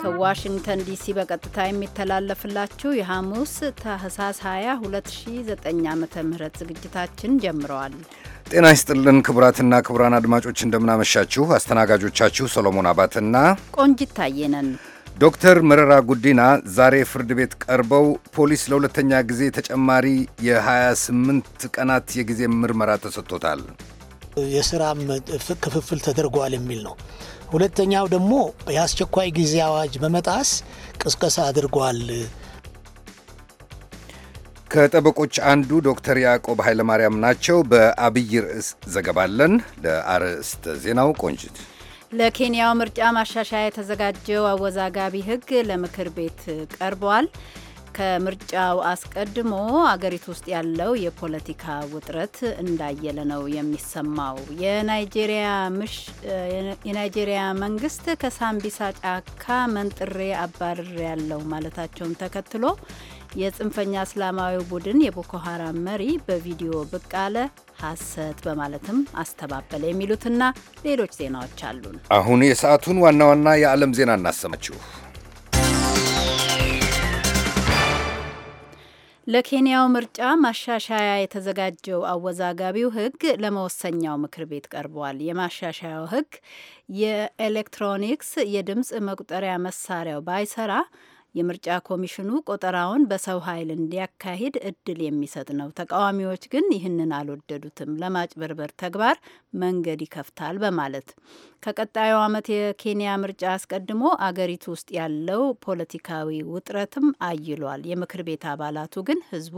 ከዋሽንግተን ዲሲ በቀጥታ የሚተላለፍላችሁ የሐሙስ ታህሳስ 20 2009 ዓ ም ዝግጅታችን ጀምረዋል። ጤና ይስጥልን ክቡራትና ክቡራን አድማጮች እንደምናመሻችሁ። አስተናጋጆቻችሁ ሰሎሞን አባትና ቆንጂት ታየነን። ዶክተር መረራ ጉዲና ዛሬ ፍርድ ቤት ቀርበው ፖሊስ ለሁለተኛ ጊዜ ተጨማሪ የ28 ቀናት የጊዜ ምርመራ ተሰጥቶታል። የስራ ክፍፍል ተደርጓል የሚል ነው ሁለተኛው ደግሞ የአስቸኳይ ጊዜ አዋጅ በመጣስ ቅስቀሳ አድርጓል። ከጠበቆች አንዱ ዶክተር ያዕቆብ ኃይለማርያም ናቸው። በአብይ ርዕስ ዘገባለን። ለአርዕስተ ዜናው ቆንጅት። ለኬንያው ምርጫ ማሻሻያ የተዘጋጀው አወዛጋቢ ሕግ ለምክር ቤት ቀርቧል። ከምርጫው አስቀድሞ አገሪቱ ውስጥ ያለው የፖለቲካ ውጥረት እንዳየለ ነው የሚሰማው። የናይጄሪያ መንግስት ከሳምቢሳ ጫካ መንጥሬ አባርር ያለው ማለታቸውን ተከትሎ የጽንፈኛ እስላማዊ ቡድን የቦኮ ሀራም መሪ በቪዲዮ ብቅ አለ ሐሰት በማለትም አስተባበለ የሚሉትና ሌሎች ዜናዎች አሉን። አሁን የሰዓቱን ዋና ዋና የዓለም ዜና እናሰማችሁ። ለኬንያው ምርጫ ማሻሻያ የተዘጋጀው አወዛጋቢው ሕግ ለመወሰኛው ምክር ቤት ቀርቧል። የማሻሻያው ሕግ የኤሌክትሮኒክስ የድምፅ መቁጠሪያ መሳሪያው ባይሰራ የምርጫ ኮሚሽኑ ቆጠራውን በሰው ኃይል እንዲያካሂድ እድል የሚሰጥ ነው። ተቃዋሚዎች ግን ይህንን አልወደዱትም። ለማጭበርበር ተግባር መንገድ ይከፍታል በማለት ከቀጣዩ ዓመት የኬንያ ምርጫ አስቀድሞ አገሪቱ ውስጥ ያለው ፖለቲካዊ ውጥረትም አይሏል። የምክር ቤት አባላቱ ግን ህዝቡ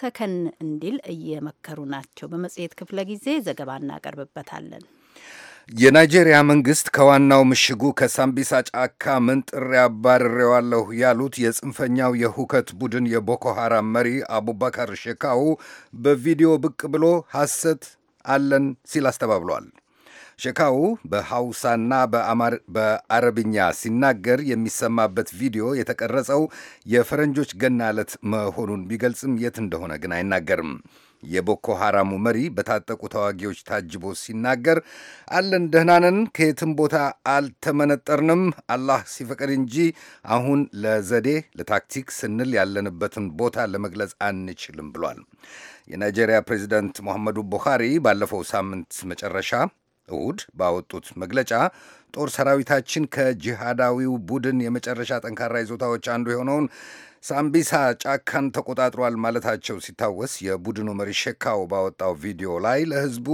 ሰከን እንዲል እየመከሩ ናቸው። በመጽሔት ክፍለ ጊዜ ዘገባ እናቀርብበታለን። የናይጄሪያ መንግስት ከዋናው ምሽጉ ከሳምቢሳ ጫካ መንጥሬ አባርሬዋለሁ ያሉት የጽንፈኛው የሁከት ቡድን የቦኮ ሐራም መሪ አቡባካር ሼካው በቪዲዮ ብቅ ብሎ ሐሰት አለን ሲል አስተባብሏል። ሸካው በሐውሳና በአረብኛ ሲናገር የሚሰማበት ቪዲዮ የተቀረጸው የፈረንጆች ገና ዕለት መሆኑን ቢገልጽም የት እንደሆነ ግን አይናገርም። የቦኮ ሐራሙ መሪ በታጠቁ ተዋጊዎች ታጅቦ ሲናገር አለን ደህናንን ከየትም ቦታ አልተመነጠርንም፣ አላህ ሲፈቅድ እንጂ አሁን ለዘዴ ለታክቲክ ስንል ያለንበትን ቦታ ለመግለጽ አንችልም ብሏል። የናይጄሪያ ፕሬዚደንት ሙሐመዱ ቡኻሪ ባለፈው ሳምንት መጨረሻ እሁድ ባወጡት መግለጫ ጦር ሰራዊታችን ከጂሃዳዊው ቡድን የመጨረሻ ጠንካራ ይዞታዎች አንዱ የሆነውን ሳምቢሳ ጫካን ተቆጣጥሯል ማለታቸው ሲታወስ የቡድኑ መሪ ሸካው ባወጣው ቪዲዮ ላይ ለሕዝቡ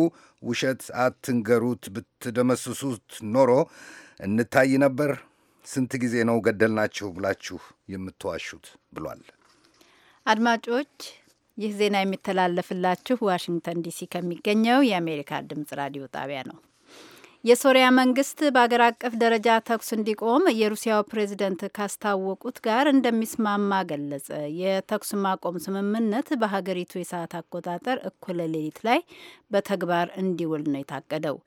ውሸት አትንገሩት፣ ብትደመስሱት ኖሮ እንታይ ነበር፣ ስንት ጊዜ ነው ገደልናችሁ ብላችሁ የምትዋሹት ብሏል። አድማጮች ይህ ዜና የሚተላለፍላችሁ ዋሽንግተን ዲሲ ከሚገኘው የአሜሪካ ድምጽ ራዲዮ ጣቢያ ነው። የሶሪያ መንግስት በአገር አቀፍ ደረጃ ተኩስ እንዲቆም የሩሲያው ፕሬዝደንት ካስታወቁት ጋር እንደሚስማማ ገለጸ። የተኩስ ማቆም ስምምነት በሀገሪቱ የሰዓት አቆጣጠር እኩለ ሌሊት ላይ በተግባር እንዲውል ነው የታቀደው።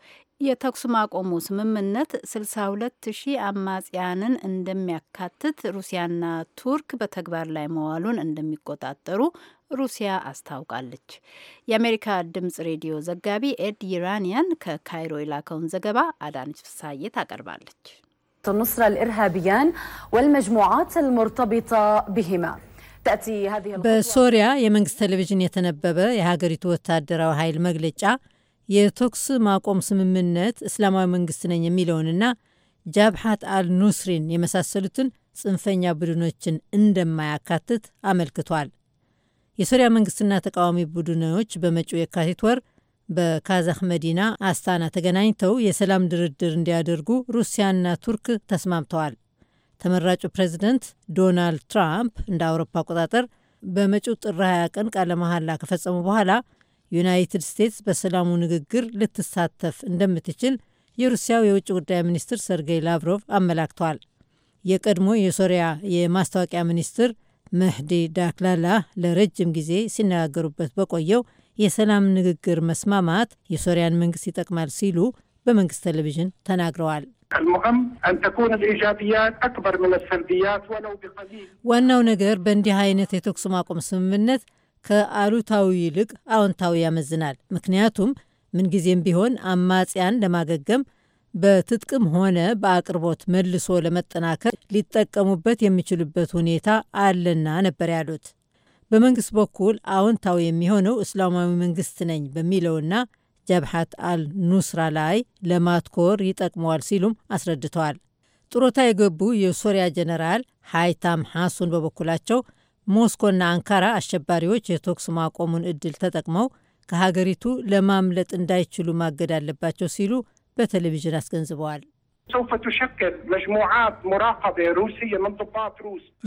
የተኩስ ማቆሙ ስምምነት 62 ሺህ አማጽያንን እንደሚያካትት ሩሲያና ቱርክ በተግባር ላይ መዋሉን እንደሚቆጣጠሩ ሩሲያ አስታውቃለች። የአሜሪካ ድምጽ ሬዲዮ ዘጋቢ ኤድ ይራኒያን ከካይሮ የላከውን ዘገባ አዳነች ፍሳዬ ታቀርባለች። ኑስራ ልኢርሃቢያን ወልመጅሙዓት ልሙርተቢጣ ብሂማ በሶሪያ የመንግስት ቴሌቪዥን የተነበበ የሀገሪቱ ወታደራዊ ኃይል መግለጫ የተኩስ ማቆም ስምምነት እስላማዊ መንግስት ነኝ የሚለውንና ጃብሃት አልኑስሪን የመሳሰሉትን ጽንፈኛ ቡድኖችን እንደማያካትት አመልክቷል። የሶሪያ መንግስትና ተቃዋሚ ቡድኖች በመጪው የካቲት ወር በካዛክ መዲና አስታና ተገናኝተው የሰላም ድርድር እንዲያደርጉ ሩሲያና ቱርክ ተስማምተዋል። ተመራጩ ፕሬዚደንት ዶናልድ ትራምፕ እንደ አውሮፓ አቆጣጠር በመጪው ጥር 20 ቀን ቃለ መሐላ ከፈጸሙ በኋላ ዩናይትድ ስቴትስ በሰላሙ ንግግር ልትሳተፍ እንደምትችል የሩሲያው የውጭ ጉዳይ ሚኒስትር ሰርጌይ ላቭሮቭ አመላክተዋል። የቀድሞ የሶሪያ የማስታወቂያ ሚኒስትር መህዲ ዳክላላ ለረጅም ጊዜ ሲነጋገሩበት በቆየው የሰላም ንግግር መስማማት የሶሪያን መንግስት ይጠቅማል ሲሉ በመንግስት ቴሌቪዥን ተናግረዋል። ዋናው ነገር በእንዲህ አይነት የተኩስ ማቆም ስምምነት ከአሉታዊ ይልቅ አዎንታዊ ያመዝናል። ምክንያቱም ምንጊዜም ቢሆን አማጽያን ለማገገም በትጥቅም ሆነ በአቅርቦት መልሶ ለመጠናከር ሊጠቀሙበት የሚችሉበት ሁኔታ አለና ነበር ያሉት። በመንግስት በኩል አዎንታዊ የሚሆነው እስላማዊ መንግስት ነኝ በሚለውና ጀብሃት አል ኑስራ ላይ ለማትኮር ይጠቅመዋል ሲሉም አስረድተዋል። ጡረታ የገቡ የሶሪያ ጀነራል ሃይታም ሐሱን በበኩላቸው ሞስኮና አንካራ አሸባሪዎች የተኩስ ማቆሙን እድል ተጠቅመው ከሀገሪቱ ለማምለጥ እንዳይችሉ ማገድ አለባቸው ሲሉ በቴሌቪዥን አስገንዝበዋል።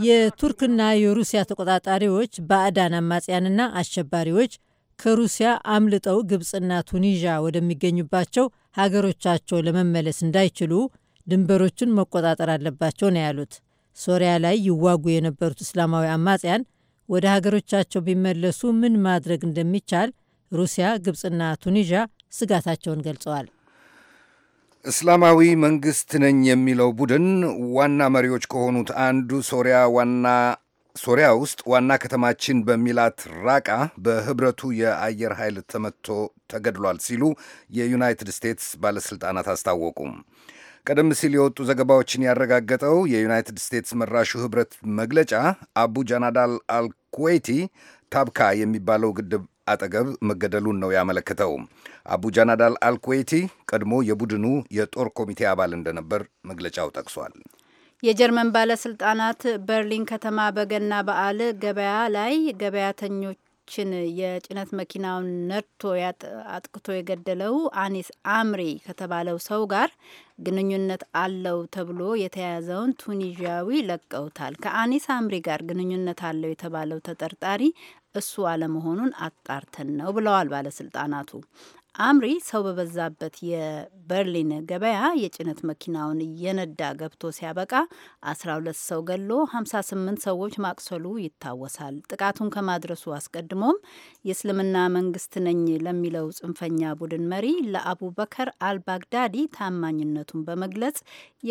የቱርክና የሩሲያ ተቆጣጣሪዎች ባዕዳን አማጽያንና አሸባሪዎች ከሩሲያ አምልጠው ግብፅና ቱኒዣ ወደሚገኙባቸው ሀገሮቻቸው ለመመለስ እንዳይችሉ ድንበሮችን መቆጣጠር አለባቸው ነው ያሉት። ሶሪያ ላይ ይዋጉ የነበሩት እስላማዊ አማጽያን ወደ ሀገሮቻቸው ቢመለሱ ምን ማድረግ እንደሚቻል ሩሲያ፣ ግብፅና ቱኒዣ ስጋታቸውን ገልጸዋል። እስላማዊ መንግስት ነኝ የሚለው ቡድን ዋና መሪዎች ከሆኑት አንዱ ሶሪያ ዋና ሶሪያ ውስጥ ዋና ከተማችን በሚላት ራቃ በህብረቱ የአየር ኃይል ተመቶ ተገድሏል ሲሉ የዩናይትድ ስቴትስ ባለሥልጣናት አስታወቁ። ቀደም ሲል የወጡ ዘገባዎችን ያረጋገጠው የዩናይትድ ስቴትስ መራሹ ህብረት መግለጫ አቡ ጃናዳል አልኩዌቲ ታብካ የሚባለው ግድብ አጠገብ መገደሉን ነው ያመለከተው። አቡ ጃናዳል አልኩዌቲ ቀድሞ የቡድኑ የጦር ኮሚቴ አባል እንደነበር መግለጫው ጠቅሷል። የጀርመን ባለስልጣናት በርሊን ከተማ በገና በዓል ገበያ ላይ ገበያተኞች ሰዎችን የጭነት መኪናውን ነድቶ አጥቅቶ የገደለው አኒስ አምሪ ከተባለው ሰው ጋር ግንኙነት አለው ተብሎ የተያዘውን ቱኒዥያዊ ለቀውታል። ከአኒስ አምሪ ጋር ግንኙነት አለው የተባለው ተጠርጣሪ እሱ አለመሆኑን አጣርተን ነው ብለዋል ባለስልጣናቱ። አምሪ ሰው በበዛበት የበርሊን ገበያ የጭነት መኪናውን እየነዳ ገብቶ ሲያበቃ 12 ሰው ገሎ 58 ሰዎች ማቅሰሉ ይታወሳል። ጥቃቱን ከማድረሱ አስቀድሞም የእስልምና መንግስት ነኝ ለሚለው ጽንፈኛ ቡድን መሪ ለአቡበከር አልባግዳዲ ታማኝነቱን በመግለጽ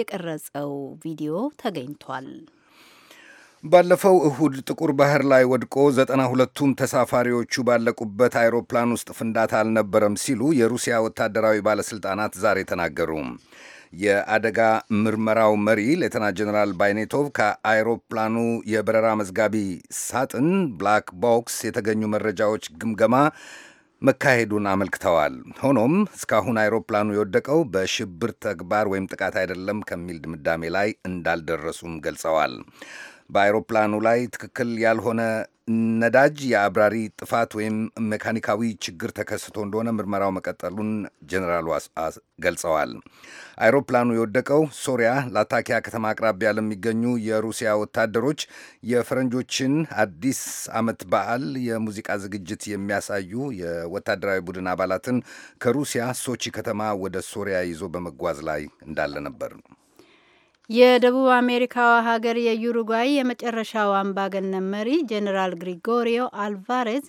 የቀረጸው ቪዲዮ ተገኝቷል። ባለፈው እሁድ ጥቁር ባህር ላይ ወድቆ ዘጠና ሁለቱም ተሳፋሪዎቹ ባለቁበት አይሮፕላን ውስጥ ፍንዳታ አልነበረም ሲሉ የሩሲያ ወታደራዊ ባለሥልጣናት ዛሬ ተናገሩ። የአደጋ ምርመራው መሪ ሌተና ጀኔራል ባይኔቶቭ ከአይሮፕላኑ የበረራ መዝጋቢ ሳጥን ብላክ ቦክስ የተገኙ መረጃዎች ግምገማ መካሄዱን አመልክተዋል። ሆኖም እስካሁን አይሮፕላኑ የወደቀው በሽብር ተግባር ወይም ጥቃት አይደለም ከሚል ድምዳሜ ላይ እንዳልደረሱም ገልጸዋል። በአይሮፕላኑ ላይ ትክክል ያልሆነ ነዳጅ የአብራሪ ጥፋት ወይም ሜካኒካዊ ችግር ተከስቶ እንደሆነ ምርመራው መቀጠሉን ጀኔራሉ ገልጸዋል። አይሮፕላኑ የወደቀው ሶሪያ ላታኪያ ከተማ አቅራቢያ ለሚገኙ የሩሲያ ወታደሮች የፈረንጆችን አዲስ ዓመት በዓል የሙዚቃ ዝግጅት የሚያሳዩ የወታደራዊ ቡድን አባላትን ከሩሲያ ሶቺ ከተማ ወደ ሶሪያ ይዞ በመጓዝ ላይ እንዳለ ነበር። የደቡብ አሜሪካዋ ሀገር የዩሩጓይ የመጨረሻው አምባገነን መሪ ጄኔራል ግሪጎሪዮ አልቫሬዝ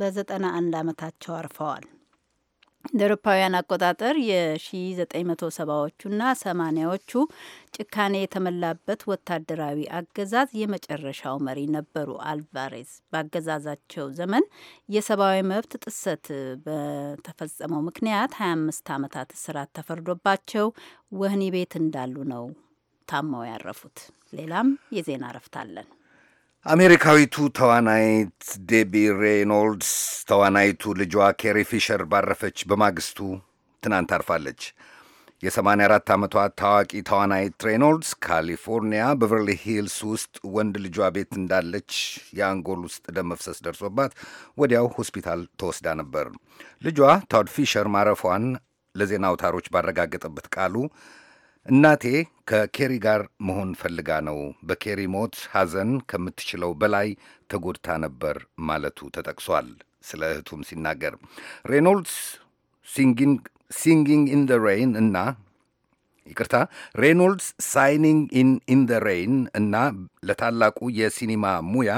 በዘጠና አንድ ዓመታቸው አርፈዋል። እንደ አውሮፓውያን አቆጣጠር የ1970ዎቹና 80ዎቹ ጭካኔ የተመላበት ወታደራዊ አገዛዝ የመጨረሻው መሪ ነበሩ አልቫሬዝ። በአገዛዛቸው ዘመን የሰብአዊ መብት ጥሰት በተፈጸመው ምክንያት 25 ዓመታት እስራት ተፈርዶባቸው ወህኒ ቤት እንዳሉ ነው ታመው ያረፉት። ሌላም የዜና እረፍት አለን። አሜሪካዊቱ ተዋናይት ዴቢ ሬይኖልድስ ተዋናይቱ ልጇ ኬሪ ፊሸር ባረፈች በማግስቱ ትናንት አርፋለች። የ84 ዓመቷ ታዋቂ ተዋናይት ሬይኖልድስ ካሊፎርኒያ በቨርሊ ሂልስ ውስጥ ወንድ ልጇ ቤት እንዳለች የአንጎል ውስጥ ደም መፍሰስ ደርሶባት ወዲያው ሆስፒታል ተወስዳ ነበር። ልጇ ታድ ፊሸር ማረፏን ለዜና አውታሮች ባረጋገጠበት ቃሉ እናቴ ከኬሪ ጋር መሆን ፈልጋ ነው። በኬሪ ሞት ሐዘን ከምትችለው በላይ ተጎድታ ነበር ማለቱ ተጠቅሷል። ስለ እህቱም ሲናገር ሬኖልድስ ሲንጊንግ ኢን ደ ሬይን እና ይቅርታ ሬኖልድስ ሳይኒንግ ኢን ኢን ደ ሬይን እና ለታላቁ የሲኒማ ሙያ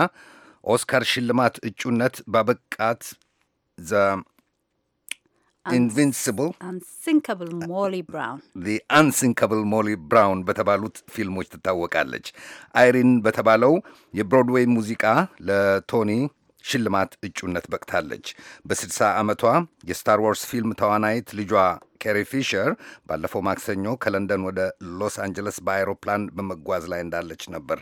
ኦስካር ሽልማት እጩነት ባበቃት ዘ ኢንቪንሲብል፣ አንሲንካብል ሞሊ ብራውን አንሲንካብል ሞሊ ብራውን በተባሉት ፊልሞች ትታወቃለች። አይሪን በተባለው የብሮድዌይ ሙዚቃ ለቶኒ ሽልማት እጩነት በቅታለች። በ60 ዓመቷ የስታር ዋርስ ፊልም ተዋናይት ልጇ ኬሪ ፊሸር ባለፈው ማክሰኞ ከለንደን ወደ ሎስ አንጀለስ በአይሮፕላን በመጓዝ ላይ እንዳለች ነበር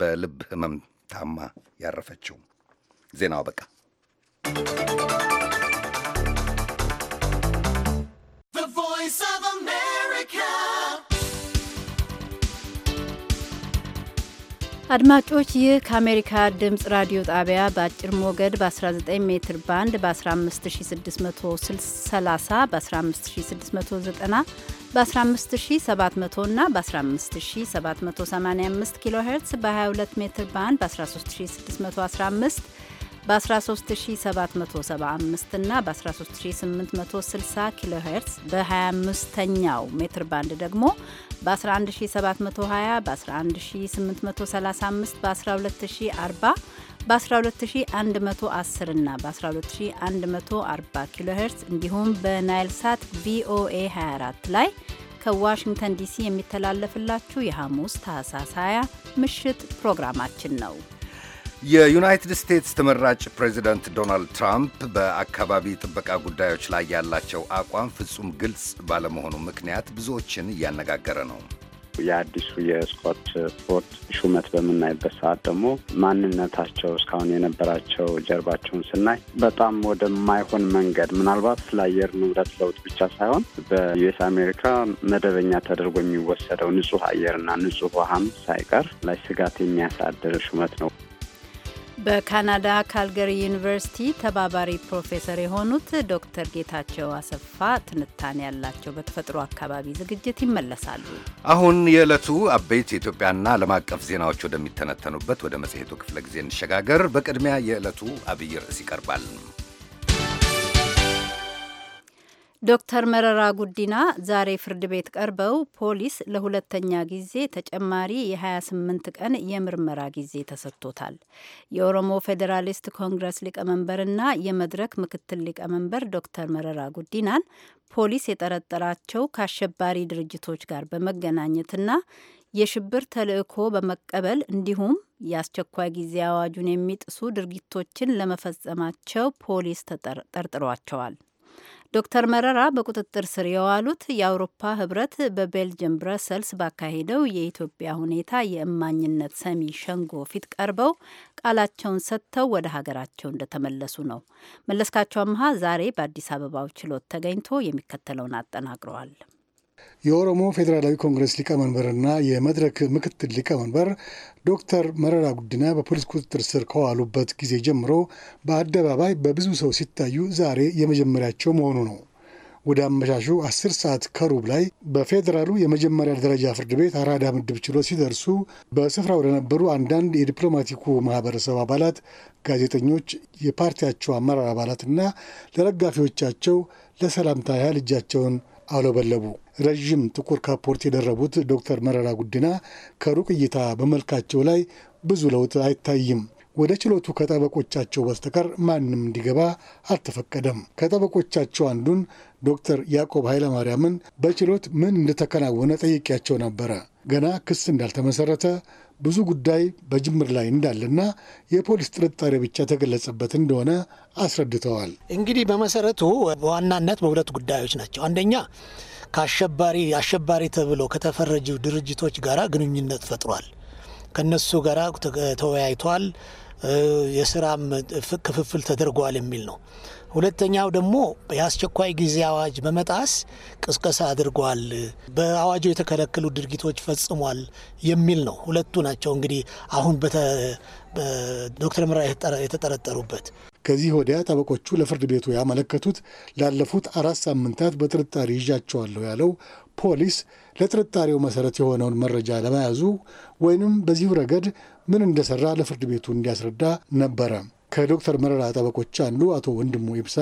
በልብ ህመም ታማ ያረፈችው። ዜናው አበቃ። አድማጮች ይህ ከአሜሪካ ድምፅ ራዲዮ ጣቢያ በአጭር ሞገድ በ19 ሜትር ባንድ በ15630 በ15690 በ15700 እና በ15785 ኪሎ ሄርትስ በ22 ሜትር ባንድ በ13615 በ13775 እና በ13860 ኪሎ ሄርትስ በ25ኛው ሜትር ባንድ ደግሞ በ11720 በ11835 በ12040 በ12110 እና በ12140 ኪሎ ሄርትስ እንዲሁም በናይል ሳት ቪኦኤ 24 ላይ ከዋሽንግተን ዲሲ የሚተላለፍላችሁ የሐሙስ ታህሳስ 20 ምሽት ፕሮግራማችን ነው። የዩናይትድ ስቴትስ ተመራጭ ፕሬዚደንት ዶናልድ ትራምፕ በአካባቢ ጥበቃ ጉዳዮች ላይ ያላቸው አቋም ፍጹም ግልጽ ባለመሆኑ ምክንያት ብዙዎችን እያነጋገረ ነው። የአዲሱ የስኮት ፎርት ሹመት በምናይበት ሰዓት ደግሞ ማንነታቸው እስካሁን የነበራቸው ጀርባቸውን ስናይ በጣም ወደማይሆን መንገድ ምናልባት ስለ አየር ንብረት ለውጥ ብቻ ሳይሆን በዩኤስ አሜሪካ መደበኛ ተደርጎ የሚወሰደው ንጹህ አየርና ንጹህ ውሃም ሳይቀር ላይ ስጋት የሚያሳድር ሹመት ነው። በካናዳ ካልገሪ ዩኒቨርሲቲ ተባባሪ ፕሮፌሰር የሆኑት ዶክተር ጌታቸው አሰፋ ትንታኔ ያላቸው በተፈጥሮ አካባቢ ዝግጅት ይመለሳሉ። አሁን የዕለቱ አበይት የኢትዮጵያና ዓለም አቀፍ ዜናዎች ወደሚተነተኑበት ወደ መጽሔቱ ክፍለ ጊዜ እንሸጋገር። በቅድሚያ የዕለቱ አብይ ርዕስ ይቀርባል። ዶክተር መረራ ጉዲና ዛሬ ፍርድ ቤት ቀርበው ፖሊስ ለሁለተኛ ጊዜ ተጨማሪ የ28 ቀን የምርመራ ጊዜ ተሰጥቶታል። የኦሮሞ ፌዴራሊስት ኮንግረስ ሊቀመንበርና የመድረክ ምክትል ሊቀመንበር ዶክተር መረራ ጉዲናን ፖሊስ የጠረጠራቸው ከአሸባሪ ድርጅቶች ጋር በመገናኘትና የሽብር ተልዕኮ በመቀበል እንዲሁም የአስቸኳይ ጊዜ አዋጁን የሚጥሱ ድርጊቶችን ለመፈጸማቸው ፖሊስ ጠርጥሯቸዋል። ዶክተር መረራ በቁጥጥር ስር የዋሉት የአውሮፓ ህብረት በቤልጅየም ብረሰልስ ባካሄደው የኢትዮጵያ ሁኔታ የእማኝነት ሰሚ ሸንጎ ፊት ቀርበው ቃላቸውን ሰጥተው ወደ ሀገራቸው እንደተመለሱ ነው። መለስካቸው አምሃ ዛሬ በአዲስ አበባው ችሎት ተገኝቶ የሚከተለውን አጠናቅረዋል። የኦሮሞ ፌዴራላዊ ኮንግረስ ሊቀመንበርና የመድረክ ምክትል ሊቀመንበር ዶክተር መረራ ጉዲና በፖሊስ ቁጥጥር ስር ከዋሉበት ጊዜ ጀምሮ በአደባባይ በብዙ ሰው ሲታዩ ዛሬ የመጀመሪያቸው መሆኑ ነው። ወደ አመሻሹ አስር ሰዓት ከሩብ ላይ በፌዴራሉ የመጀመሪያ ደረጃ ፍርድ ቤት አራዳ ምድብ ችሎት ሲደርሱ በስፍራው ለነበሩ አንዳንድ የዲፕሎማቲኩ ማህበረሰብ አባላት፣ ጋዜጠኞች፣ የፓርቲያቸው አመራር አባላትና ለደጋፊዎቻቸው ለሰላምታ ያህል እጃቸውን አውለበለቡ። ረዥም ጥቁር ካፖርት የደረቡት ዶክተር መረራ ጉዲና ከሩቅ እይታ በመልካቸው ላይ ብዙ ለውጥ አይታይም። ወደ ችሎቱ ከጠበቆቻቸው በስተቀር ማንም እንዲገባ አልተፈቀደም። ከጠበቆቻቸው አንዱን ዶክተር ያዕቆብ ኃይለማርያምን በችሎት ምን እንደተከናወነ ጠይቄያቸው ነበረ። ገና ክስ እንዳልተመሰረተ ብዙ ጉዳይ በጅምር ላይ እንዳለና የፖሊስ ጥርጣሬ ብቻ የተገለጸበት እንደሆነ አስረድተዋል። እንግዲህ በመሰረቱ በዋናነት በሁለት ጉዳዮች ናቸው። አንደኛ ከአሸባሪ አሸባሪ ተብሎ ከተፈረጁ ድርጅቶች ጋር ግንኙነት ፈጥሯል። ከነሱ ጋር ተወያይቷል። የስራም ክፍፍል ተደርጓል የሚል ነው። ሁለተኛው ደግሞ የአስቸኳይ ጊዜ አዋጅ በመጣስ ቅስቀሳ አድርጓል፣ በአዋጁ የተከለከሉ ድርጊቶች ፈጽሟል የሚል ነው። ሁለቱ ናቸው እንግዲህ አሁን ዶክተር ምራ የተጠረጠሩበት። ከዚህ ወዲያ ጠበቆቹ ለፍርድ ቤቱ ያመለከቱት ላለፉት አራት ሳምንታት በጥርጣሬ ይዣቸዋለሁ ያለው ፖሊስ ለጥርጣሬው መሰረት የሆነውን መረጃ ለመያዙ ወይንም በዚሁ ረገድ ምን እንደሰራ ለፍርድ ቤቱ እንዲያስረዳ ነበረ። ከዶክተር መረራ ጠበቆች አንዱ አቶ ወንድሙ ኢብሳ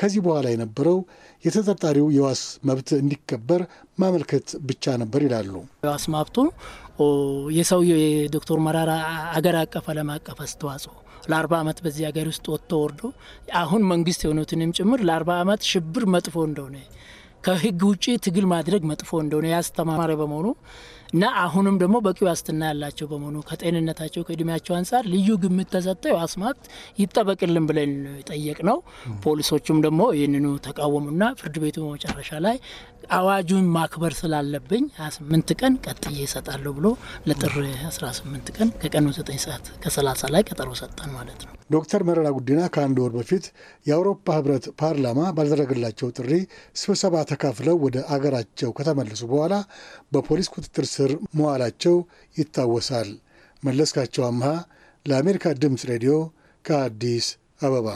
ከዚህ በኋላ የነበረው የተጠርጣሪው የዋስ መብት እንዲከበር ማመልከት ብቻ ነበር ይላሉ። የዋስ መብቱ የሰውየው የዶክተር መረራ አገር አቀፍ ዓለም አቀፍ አስተዋጽኦ ለአርባ ዓመት በዚህ ሀገር ውስጥ ወጥቶ ወርዶ አሁን መንግስት የሆኑትንም ጭምር ለአርባ ዓመት ሽብር መጥፎ እንደሆነ ከህግ ውጭ ትግል ማድረግ መጥፎ እንደሆነ ያስተማማሪ በመሆኑ እና አሁንም ደግሞ በቂ ዋስትና ያላቸው በመሆኑ ከጤንነታቸው ከእድሜያቸው አንጻር ልዩ ግምት ተሰጠው አስማት ይጠበቅልን ብለን ጠየቅ ነው። ፖሊሶቹም ደግሞ ይህንኑ ተቃወሙና ፍርድ ቤቱ በመጨረሻ ላይ አዋጁን ማክበር ስላለብኝ 28 ቀን ቀጥዬ ይሰጣለሁ ብሎ ለጥር 18 ቀን ከቀኑ 9 ሰዓት ከ30 ላይ ቀጠሮ ሰጠን ማለት ነው። ዶክተር መረራ ጉዲና ከአንድ ወር በፊት የአውሮፓ ህብረት ፓርላማ ባልደረገላቸው ጥሪ ስብሰባ ተካፍለው ወደ አገራቸው ከተመለሱ በኋላ በፖሊስ ቁጥጥር ስር መዋላቸው ይታወሳል። መለስካቸው አምሃ ለአሜሪካ ድምፅ ሬዲዮ ከአዲስ አበባ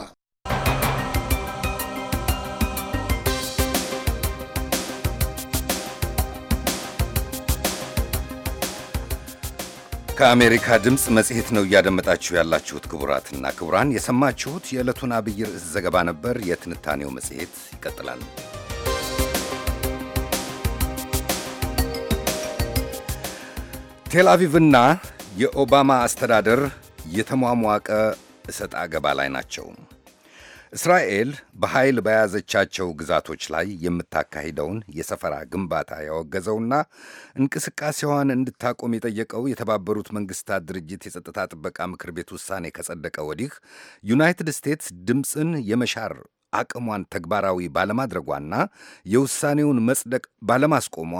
ከአሜሪካ ድምፅ መጽሔት ነው እያደመጣችሁ ያላችሁት። ክቡራትና ክቡራን የሰማችሁት የዕለቱን አብይ ርዕስ ዘገባ ነበር። የትንታኔው መጽሔት ይቀጥላል። ቴልአቪቭና የኦባማ አስተዳደር የተሟሟቀ እሰጥ አገባ ላይ ናቸው። እስራኤል በኃይል በያዘቻቸው ግዛቶች ላይ የምታካሂደውን የሰፈራ ግንባታ ያወገዘውና እንቅስቃሴዋን እንድታቆም የጠየቀው የተባበሩት መንግስታት ድርጅት የጸጥታ ጥበቃ ምክር ቤት ውሳኔ ከጸደቀ ወዲህ ዩናይትድ ስቴትስ ድምፅን የመሻር አቅሟን ተግባራዊ ባለማድረጓና የውሳኔውን መጽደቅ ባለማስቆሟ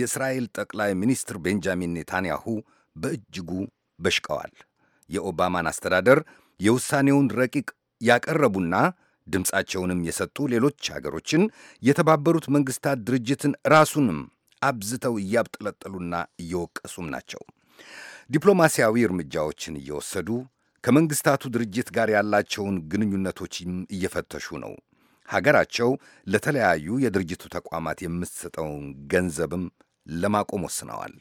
የእስራኤል ጠቅላይ ሚኒስትር ቤንጃሚን ኔታንያሁ በእጅጉ በሽቀዋል። የኦባማን አስተዳደር የውሳኔውን ረቂቅ ያቀረቡና ድምፃቸውንም የሰጡ ሌሎች ሀገሮችን የተባበሩት መንግስታት ድርጅትን ራሱንም አብዝተው እያብጠለጠሉና እየወቀሱም ናቸው። ዲፕሎማሲያዊ እርምጃዎችን እየወሰዱ ከመንግስታቱ ድርጅት ጋር ያላቸውን ግንኙነቶችም እየፈተሹ ነው። ሀገራቸው ለተለያዩ የድርጅቱ ተቋማት የምትሰጠውን ገንዘብም ለማቆም ወስነዋል።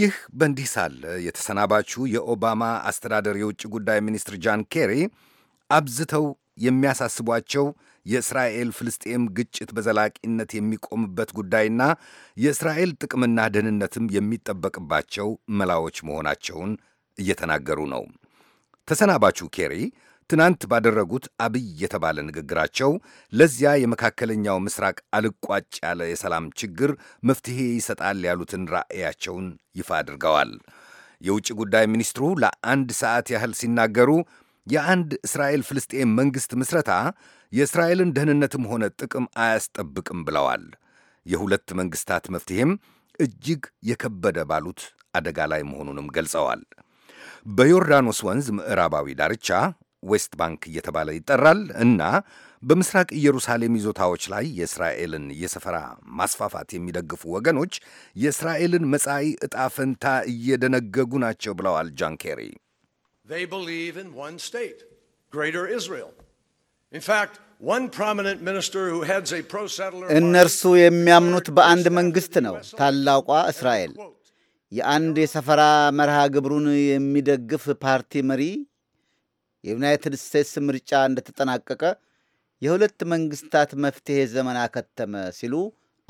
ይህ በእንዲህ ሳለ የተሰናባቹ የኦባማ አስተዳደር የውጭ ጉዳይ ሚኒስትር ጃን ኬሪ አብዝተው የሚያሳስቧቸው የእስራኤል ፍልስጤም ግጭት በዘላቂነት የሚቆምበት ጉዳይና የእስራኤል ጥቅምና ደህንነትም የሚጠበቅባቸው መላዎች መሆናቸውን እየተናገሩ ነው። ተሰናባቹ ኬሪ ትናንት ባደረጉት አብይ የተባለ ንግግራቸው ለዚያ የመካከለኛው ምስራቅ አልቋጭ ያለ የሰላም ችግር መፍትሄ ይሰጣል ያሉትን ራዕያቸውን ይፋ አድርገዋል። የውጭ ጉዳይ ሚኒስትሩ ለአንድ ሰዓት ያህል ሲናገሩ የአንድ እስራኤል ፍልስጤም መንግሥት ምስረታ የእስራኤልን ደህንነትም ሆነ ጥቅም አያስጠብቅም ብለዋል። የሁለት መንግሥታት መፍትሔም እጅግ የከበደ ባሉት አደጋ ላይ መሆኑንም ገልጸዋል። በዮርዳኖስ ወንዝ ምዕራባዊ ዳርቻ ዌስት ባንክ እየተባለ ይጠራል እና በምስራቅ ኢየሩሳሌም ይዞታዎች ላይ የእስራኤልን የሰፈራ ማስፋፋት የሚደግፉ ወገኖች የእስራኤልን መጻኢ ዕጣ ፈንታ እየደነገጉ ናቸው ብለዋል ጃን ኬሪ። They believe in one state, Greater Israel. In fact, እነርሱ የሚያምኑት በአንድ መንግሥት ነው፣ ታላቋ እስራኤል። የአንድ የሰፈራ መርሃ ግብሩን የሚደግፍ ፓርቲ መሪ የዩናይትድ ስቴትስ ምርጫ እንደተጠናቀቀ የሁለት መንግሥታት መፍትሔ ዘመን አከተመ ሲሉ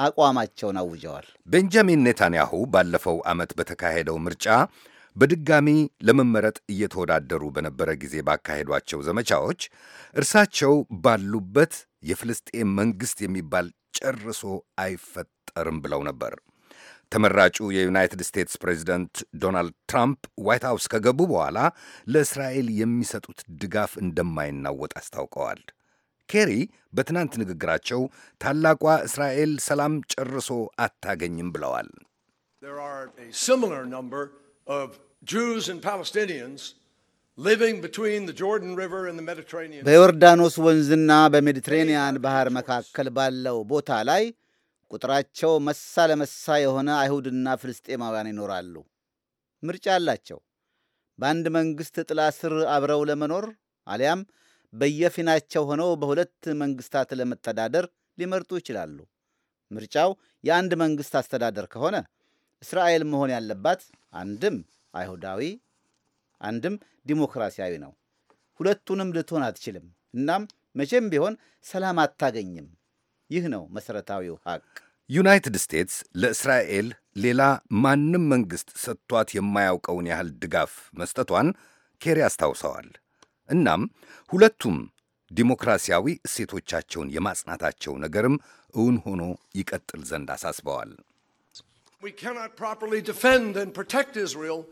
አቋማቸውን አውጀዋል። ቤንጃሚን ኔታንያሁ ባለፈው ዓመት በተካሄደው ምርጫ በድጋሚ ለመመረጥ እየተወዳደሩ በነበረ ጊዜ ባካሄዷቸው ዘመቻዎች እርሳቸው ባሉበት የፍልስጤም መንግሥት የሚባል ጨርሶ አይፈጠርም ብለው ነበር። ተመራጩ የዩናይትድ ስቴትስ ፕሬዚደንት ዶናልድ ትራምፕ ዋይት ሃውስ ከገቡ በኋላ ለእስራኤል የሚሰጡት ድጋፍ እንደማይናወጥ አስታውቀዋል። ኬሪ በትናንት ንግግራቸው ታላቋ እስራኤል ሰላም ጨርሶ አታገኝም ብለዋል። በዮርዳኖስ ወንዝና በሜዲትሬንያን ባህር መካከል ባለው ቦታ ላይ ቁጥራቸው መሳ ለመሳ የሆነ አይሁድና ፍልስጤማውያን ይኖራሉ። ምርጫ አላቸው። በአንድ መንግሥት ጥላ ስር አብረው ለመኖር አሊያም በየፊናቸው ሆነው በሁለት መንግሥታት ለመተዳደር ሊመርጡ ይችላሉ። ምርጫው የአንድ መንግሥት አስተዳደር ከሆነ እስራኤል መሆን ያለባት አንድም አይሁዳዊ አንድም ዲሞክራሲያዊ ነው። ሁለቱንም ልትሆን አትችልም። እናም መቼም ቢሆን ሰላም አታገኝም። ይህ ነው መሠረታዊው ሀቅ። ዩናይትድ ስቴትስ ለእስራኤል ሌላ ማንም መንግሥት ሰጥቷት የማያውቀውን ያህል ድጋፍ መስጠቷን ኬሪ አስታውሰዋል። እናም ሁለቱም ዲሞክራሲያዊ እሴቶቻቸውን የማጽናታቸው ነገርም እውን ሆኖ ይቀጥል ዘንድ አሳስበዋል። We cannot properly defend and protect Israel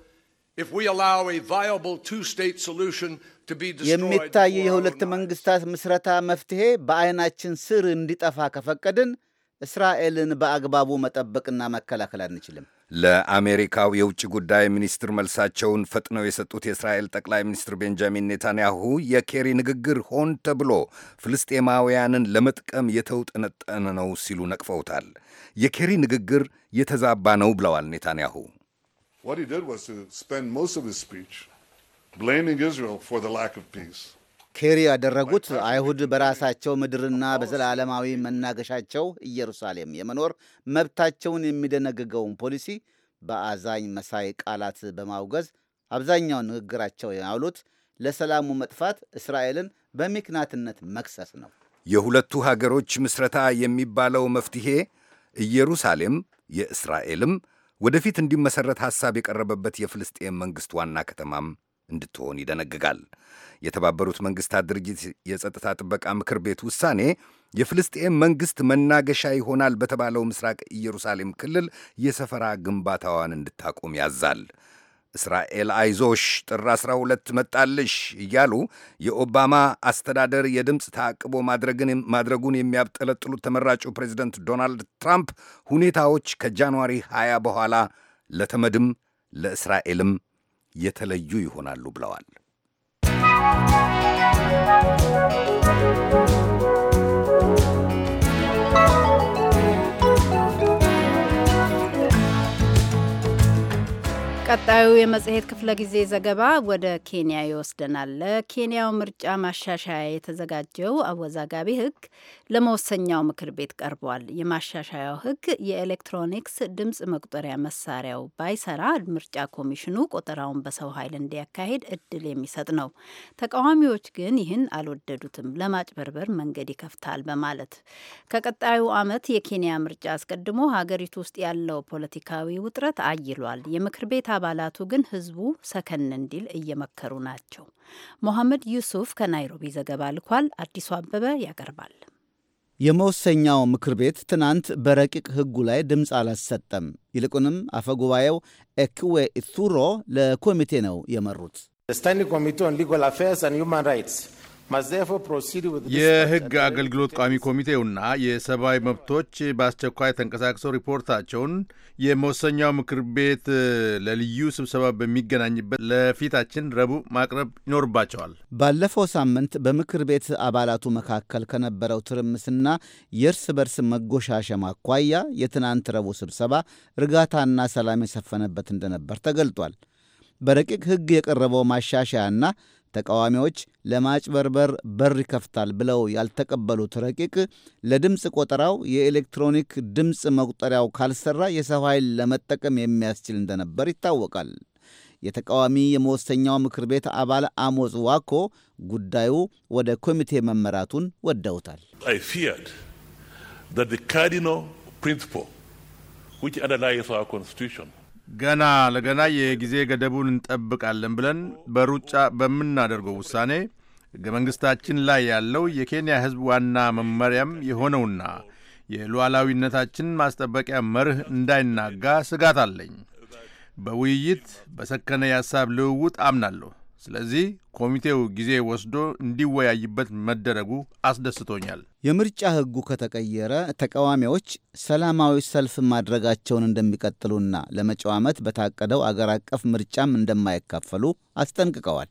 if we allow a viable two-state solution to be destroyed. የሚታየው የሁለት መንግስታት ምስረታ መፍትሄ በአይናችን ስር እንዲጠፋ ከፈቀድን እስራኤልን በአግባቡ መጠበቅና መከላከል አንችልም። ለአሜሪካው የውጭ ጉዳይ ሚኒስትር መልሳቸውን ፈጥነው የሰጡት የእስራኤል ጠቅላይ ሚኒስትር ቤንጃሚን ኔታንያሁ የኬሪ ንግግር ሆን ተብሎ ፍልስጤማውያንን ለመጥቀም የተውጠነጠነ ነው ሲሉ ነቅፈውታል። የኬሪ ንግግር የተዛባ ነው ብለዋል ኔታንያሁ። What he did was to spend ኬሪ ያደረጉት አይሁድ በራሳቸው ምድርና በዘላለማዊ መናገሻቸው ኢየሩሳሌም የመኖር መብታቸውን የሚደነግገውን ፖሊሲ በአዛኝ መሳይ ቃላት በማውገዝ አብዛኛውን ንግግራቸው ያውሉት ለሰላሙ መጥፋት እስራኤልን በምክንያትነት መክሰስ ነው። የሁለቱ ሀገሮች ምስረታ የሚባለው መፍትሄ ኢየሩሳሌም የእስራኤልም ወደፊት እንዲመሠረት ሐሳብ የቀረበበት የፍልስጤም መንግሥት ዋና ከተማም እንድትሆን ይደነግጋል። የተባበሩት መንግስታት ድርጅት የጸጥታ ጥበቃ ምክር ቤት ውሳኔ የፍልስጤም መንግስት መናገሻ ይሆናል በተባለው ምስራቅ ኢየሩሳሌም ክልል የሰፈራ ግንባታዋን እንድታቆም ያዛል። እስራኤል አይዞሽ ጥር 12 መጣልሽ እያሉ የኦባማ አስተዳደር የድምፅ ተአቅቦ ማድረጉን የሚያብጠለጥሉት ተመራጩ ፕሬዚደንት ዶናልድ ትራምፕ ሁኔታዎች ከጃንዋሪ 20 በኋላ ለተመድም ለእስራኤልም የተለዩ ይሆናሉ ብለዋል። Thank you. ቀጣዩ የመጽሔት ክፍለ ጊዜ ዘገባ ወደ ኬንያ ይወስደናል። ለኬንያው ምርጫ ማሻሻያ የተዘጋጀው አወዛጋቢ ሕግ ለመወሰኛው ምክር ቤት ቀርቧል። የማሻሻያው ሕግ የኤሌክትሮኒክስ ድምፅ መቁጠሪያ መሳሪያው ባይሰራ ምርጫ ኮሚሽኑ ቆጠራውን በሰው ኃይል እንዲያካሂድ እድል የሚሰጥ ነው። ተቃዋሚዎች ግን ይህን አልወደዱትም። ለማጭበርበር መንገድ ይከፍታል በማለት ከቀጣዩ ዓመት የኬንያ ምርጫ አስቀድሞ ሀገሪቱ ውስጥ ያለው ፖለቲካዊ ውጥረት አይሏል። የምክር ቤት አባላቱ ግን ህዝቡ ሰከን እንዲል እየመከሩ ናቸው። ሞሐመድ ዩሱፍ ከናይሮቢ ዘገባ ልኳል። አዲሱ አበበ ያቀርባል። የመወሰኛው ምክር ቤት ትናንት በረቂቅ ህጉ ላይ ድምፅ አላሰጠም። ይልቁንም አፈጉባኤው ኤክዌ ኢቱሮ ለኮሚቴ ነው የመሩት። ስታንዲንግ ኮሚቴ ኦን ሊጋል አፌርስ ሁማን ራይትስ የህግ አገልግሎት ቋሚ ኮሚቴውና የሰብአዊ መብቶች በአስቸኳይ ተንቀሳቅሰው ሪፖርታቸውን የመወሰኛው ምክር ቤት ለልዩ ስብሰባ በሚገናኝበት ለፊታችን ረቡዕ ማቅረብ ይኖርባቸዋል። ባለፈው ሳምንት በምክር ቤት አባላቱ መካከል ከነበረው ትርምስና የእርስ በርስ መጎሻሸም አኳያ የትናንት ረቡዕ ስብሰባ እርጋታና ሰላም የሰፈነበት እንደነበር ተገልጧል። በረቂቅ ህግ የቀረበው ማሻሻያና ተቃዋሚዎች ለማጭበርበር በር ይከፍታል ብለው ያልተቀበሉት ረቂቅ ለድምፅ ቆጠራው የኤሌክትሮኒክ ድምፅ መቁጠሪያው ካልሰራ የሰው ኃይል ለመጠቀም የሚያስችል እንደነበር ይታወቃል። የተቃዋሚ የመወሰኛው ምክር ቤት አባል አሞጽ ዋኮ ጉዳዩ ወደ ኮሚቴ መመራቱን ወደውታል። ኮንስቲቱሽን ገና ለገና የጊዜ ገደቡን እንጠብቃለን ብለን በሩጫ በምናደርገው ውሳኔ ሕገ መንግሥታችን ላይ ያለው የኬንያ ሕዝብ ዋና መመሪያም የሆነውና የሉዓላዊነታችን ማስጠበቂያ መርህ እንዳይናጋ ስጋት አለኝ። በውይይት በሰከነ የሐሳብ ልውውጥ አምናለሁ። ስለዚህ ኮሚቴው ጊዜ ወስዶ እንዲወያይበት መደረጉ አስደስቶኛል። የምርጫ ሕጉ ከተቀየረ ተቃዋሚዎች ሰላማዊ ሰልፍ ማድረጋቸውን እንደሚቀጥሉና ለመጪው ዓመት በታቀደው አገር አቀፍ ምርጫም እንደማይካፈሉ አስጠንቅቀዋል።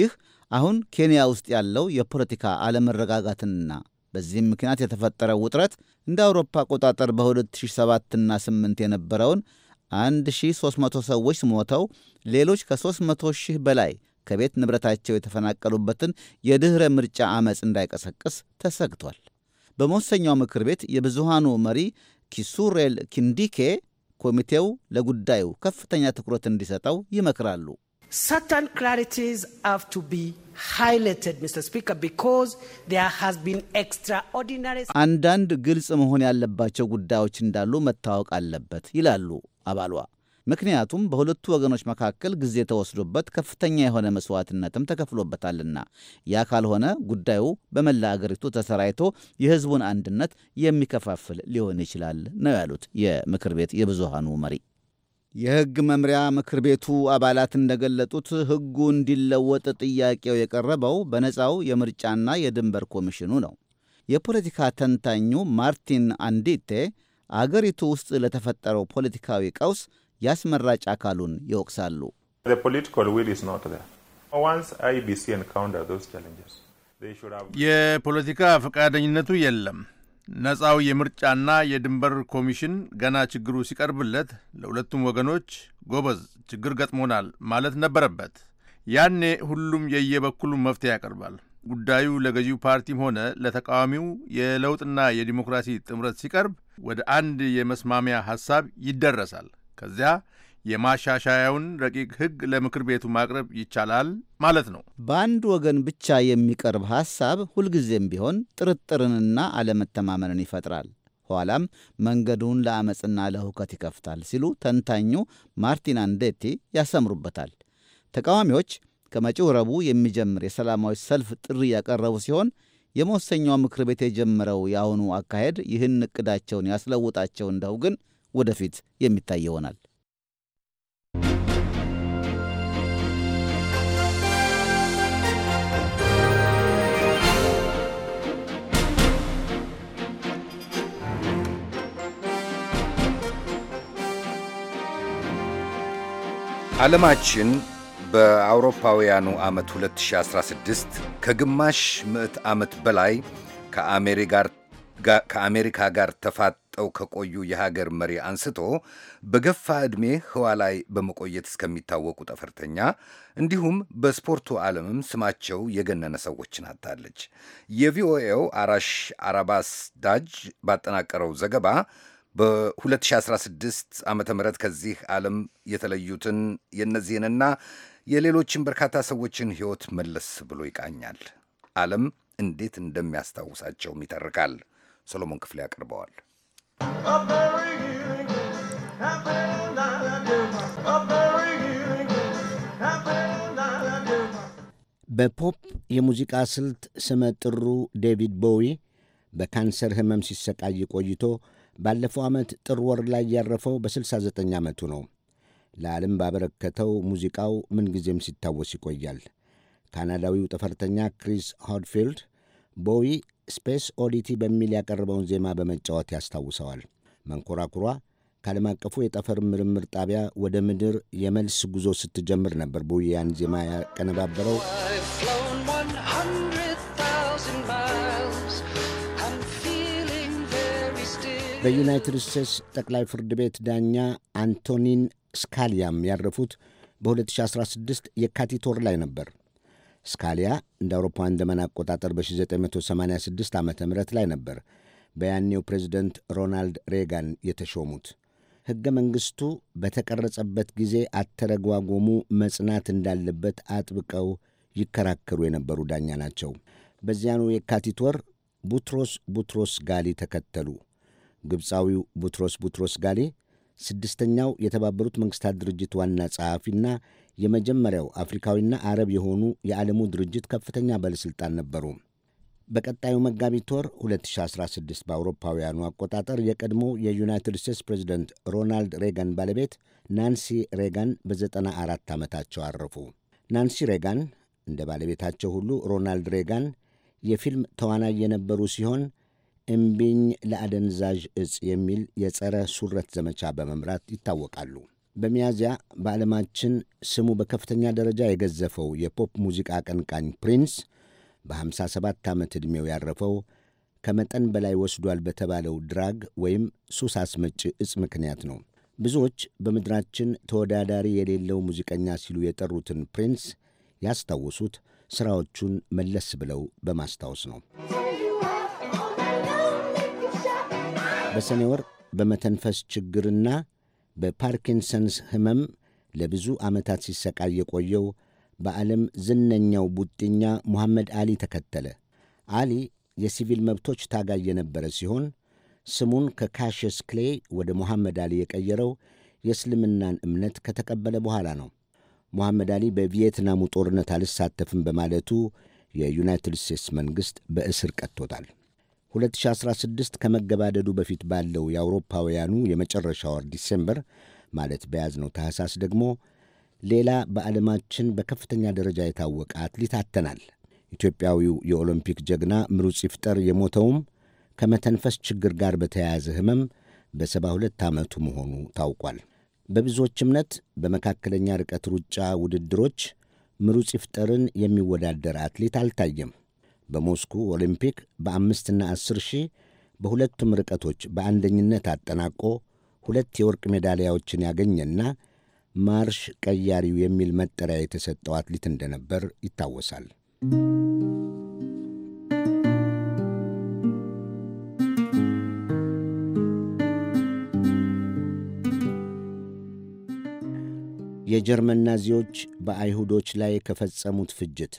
ይህ አሁን ኬንያ ውስጥ ያለው የፖለቲካ አለመረጋጋትና በዚህም ምክንያት የተፈጠረው ውጥረት እንደ አውሮፓ አቆጣጠር በ2007ና 8 የነበረውን 1300 ሰዎች ሞተው ሌሎች ከ300 ሺህ በላይ ከቤት ንብረታቸው የተፈናቀሉበትን የድኅረ ምርጫ ዓመፅ እንዳይቀሰቅስ ተሰግቷል። በመወሰኛው ምክር ቤት የብዙሃኑ መሪ ኪሱሬል ኪንዲኬ ኮሚቴው ለጉዳዩ ከፍተኛ ትኩረት እንዲሰጠው ይመክራሉ። Certain clarities have to be highlighted, አንዳንድ ግልጽ መሆን ያለባቸው ጉዳዮች እንዳሉ መታወቅ አለበት ይላሉ አባሏ። ምክንያቱም በሁለቱ ወገኖች መካከል ጊዜ ተወስዶበት ከፍተኛ የሆነ መስዋዕትነትም ተከፍሎበታልና። ያ ካልሆነ ጉዳዩ በመላ አገሪቱ ተሰራይቶ የሕዝቡን አንድነት የሚከፋፍል ሊሆን ይችላል ነው ያሉት የምክር ቤት የብዙሃኑ መሪ። የሕግ መምሪያ ምክር ቤቱ አባላት እንደገለጡት ሕጉ እንዲለወጥ ጥያቄው የቀረበው በነፃው የምርጫና የድንበር ኮሚሽኑ ነው። የፖለቲካ ተንታኙ ማርቲን አንዲቴ አገሪቱ ውስጥ ለተፈጠረው ፖለቲካዊ ቀውስ የአስመራጭ አካሉን ይወቅሳሉ። የፖለቲካ ፈቃደኝነቱ የለም። ነፃው የምርጫና የድንበር ኮሚሽን ገና ችግሩ ሲቀርብለት ለሁለቱም ወገኖች ጎበዝ ችግር ገጥሞናል ማለት ነበረበት። ያኔ ሁሉም የየበኩሉ መፍትሄ ያቀርባል። ጉዳዩ ለገዢው ፓርቲም ሆነ ለተቃዋሚው የለውጥና የዲሞክራሲ ጥምረት ሲቀርብ ወደ አንድ የመስማሚያ ሐሳብ ይደረሳል። ከዚያ የማሻሻያውን ረቂቅ ሕግ ለምክር ቤቱ ማቅረብ ይቻላል ማለት ነው። በአንድ ወገን ብቻ የሚቀርብ ሐሳብ ሁልጊዜም ቢሆን ጥርጥርንና አለመተማመንን ይፈጥራል፣ ኋላም መንገዱን ለአመፅና ለሁከት ይከፍታል ሲሉ ተንታኙ ማርቲን አንዴቲ ያሰምሩበታል። ተቃዋሚዎች ከመጪው ረቡዕ የሚጀምር የሰላማዊ ሰልፍ ጥሪ ያቀረቡ ሲሆን የመወሰኛው ምክር ቤት የጀመረው የአሁኑ አካሄድ ይህን እቅዳቸውን ያስለውጣቸው እንደው ግን ወደፊት የሚታይ ይሆናል። ዓለማችን በአውሮፓውያኑ ዓመት 2016 ከግማሽ ምዕት ዓመት በላይ ከአሜሪ ጋር ከአሜሪካ ጋር ተፋጠው ከቆዩ የሀገር መሪ አንስቶ በገፋ ዕድሜ ህዋ ላይ በመቆየት እስከሚታወቁ ጠፈርተኛ እንዲሁም በስፖርቱ ዓለምም ስማቸው የገነነ ሰዎችን አታለች። የቪኦኤው አራሽ አራባስ ዳጅ ባጠናቀረው ዘገባ በ2016 ዓ ም ከዚህ ዓለም የተለዩትን የእነዚህንና የሌሎችን በርካታ ሰዎችን ሕይወት መለስ ብሎ ይቃኛል። ዓለም እንዴት እንደሚያስታውሳቸውም ይተርካል። ሰሎሞን ክፍሌ ያቀርበዋል። በፖፕ የሙዚቃ ስልት ስመ ጥሩ ዴቪድ ቦዊ በካንሰር ሕመም ሲሰቃይ ቆይቶ ባለፈው ዓመት ጥር ወር ላይ ያረፈው በ69 ዓመቱ ነው። ለዓለም ባበረከተው ሙዚቃው ምንጊዜም ሲታወስ ይቆያል። ካናዳዊው ጠፈርተኛ ክሪስ ሆድፊልድ ቦዊ ስፔስ ኦዲቲ በሚል ያቀረበውን ዜማ በመጫወት ያስታውሰዋል። መንኮራኩሯ ከዓለም አቀፉ የጠፈር ምርምር ጣቢያ ወደ ምድር የመልስ ጉዞ ስትጀምር ነበር ቡያን ዜማ ያቀነባበረው። በዩናይትድ ስቴትስ ጠቅላይ ፍርድ ቤት ዳኛ አንቶኒን ስካሊያም ያረፉት በ2016 የካቲት ወር ላይ ነበር። ስካሊያ እንደ አውሮፓውያን ዘመን አቆጣጠር በ1986 ዓ ም ላይ ነበር በያኔው ፕሬዚደንት ሮናልድ ሬጋን የተሾሙት። ሕገ መንግሥቱ በተቀረጸበት ጊዜ አተረጓጎሙ መጽናት እንዳለበት አጥብቀው ይከራከሩ የነበሩ ዳኛ ናቸው። በዚያኑ የካቲት ወር ቡትሮስ ቡትሮስ ጋሊ ተከተሉ። ግብፃዊው ቡትሮስ ቡትሮስ ጋሊ ስድስተኛው የተባበሩት መንግሥታት ድርጅት ዋና ጸሐፊና የመጀመሪያው አፍሪካዊና አረብ የሆኑ የዓለሙ ድርጅት ከፍተኛ ባለሥልጣን ነበሩ። በቀጣዩ መጋቢት ወር 2016 በአውሮፓውያኑ አቆጣጠር የቀድሞ የዩናይትድ ስቴትስ ፕሬዚደንት ሮናልድ ሬጋን ባለቤት ናንሲ ሬጋን በ94 ዓመታቸው አረፉ። ናንሲ ሬጋን እንደ ባለቤታቸው ሁሉ ሮናልድ ሬጋን የፊልም ተዋናይ የነበሩ ሲሆን እምቢኝ ለአደንዛዥ እጽ የሚል የጸረ ሱረት ዘመቻ በመምራት ይታወቃሉ። በሚያዝያ በዓለማችን ስሙ በከፍተኛ ደረጃ የገዘፈው የፖፕ ሙዚቃ አቀንቃኝ ፕሪንስ በ57 ዓመት ዕድሜው ያረፈው ከመጠን በላይ ወስዷል በተባለው ድራግ ወይም ሱስ አስመጭ እጽ ምክንያት ነው። ብዙዎች በምድራችን ተወዳዳሪ የሌለው ሙዚቀኛ ሲሉ የጠሩትን ፕሪንስ ያስታወሱት ሥራዎቹን መለስ ብለው በማስታወስ ነው። በሰኔ ወር በመተንፈስ ችግርና በፓርኪንሰንስ ህመም ለብዙ ዓመታት ሲሰቃይ የቆየው በዓለም ዝነኛው ቡጢኛ ሙሐመድ አሊ ተከተለ። አሊ የሲቪል መብቶች ታጋይ የነበረ ሲሆን ስሙን ከካሽስ ክሌይ ወደ ሙሐመድ አሊ የቀየረው የእስልምናን እምነት ከተቀበለ በኋላ ነው። ሙሐመድ አሊ በቪየትናሙ ጦርነት አልሳተፍም በማለቱ የዩናይትድ ስቴትስ መንግሥት በእስር ቀጥቶታል። 2016 ከመገባደዱ በፊት ባለው የአውሮፓውያኑ የመጨረሻ ወር ዲሴምበር ማለት በያዝነው ታህሳስ ደግሞ ሌላ በዓለማችን በከፍተኛ ደረጃ የታወቀ አትሌት አተናል። ኢትዮጵያዊው የኦሎምፒክ ጀግና ምሩጽ ይፍጠር የሞተውም ከመተንፈስ ችግር ጋር በተያያዘ ህመም በሰባ ሁለት ዓመቱ መሆኑ ታውቋል። በብዙዎች እምነት በመካከለኛ ርቀት ሩጫ ውድድሮች ምሩጽ ይፍጠርን የሚወዳደር አትሌት አልታየም። በሞስኩ ኦሊምፒክ በአምስትና አስር ሺህ በሁለቱም ርቀቶች በአንደኝነት አጠናቆ ሁለት የወርቅ ሜዳሊያዎችን ያገኘና ማርሽ ቀያሪው የሚል መጠሪያ የተሰጠው አትሌት እንደነበር ይታወሳል። የጀርመን ናዚዎች በአይሁዶች ላይ ከፈጸሙት ፍጅት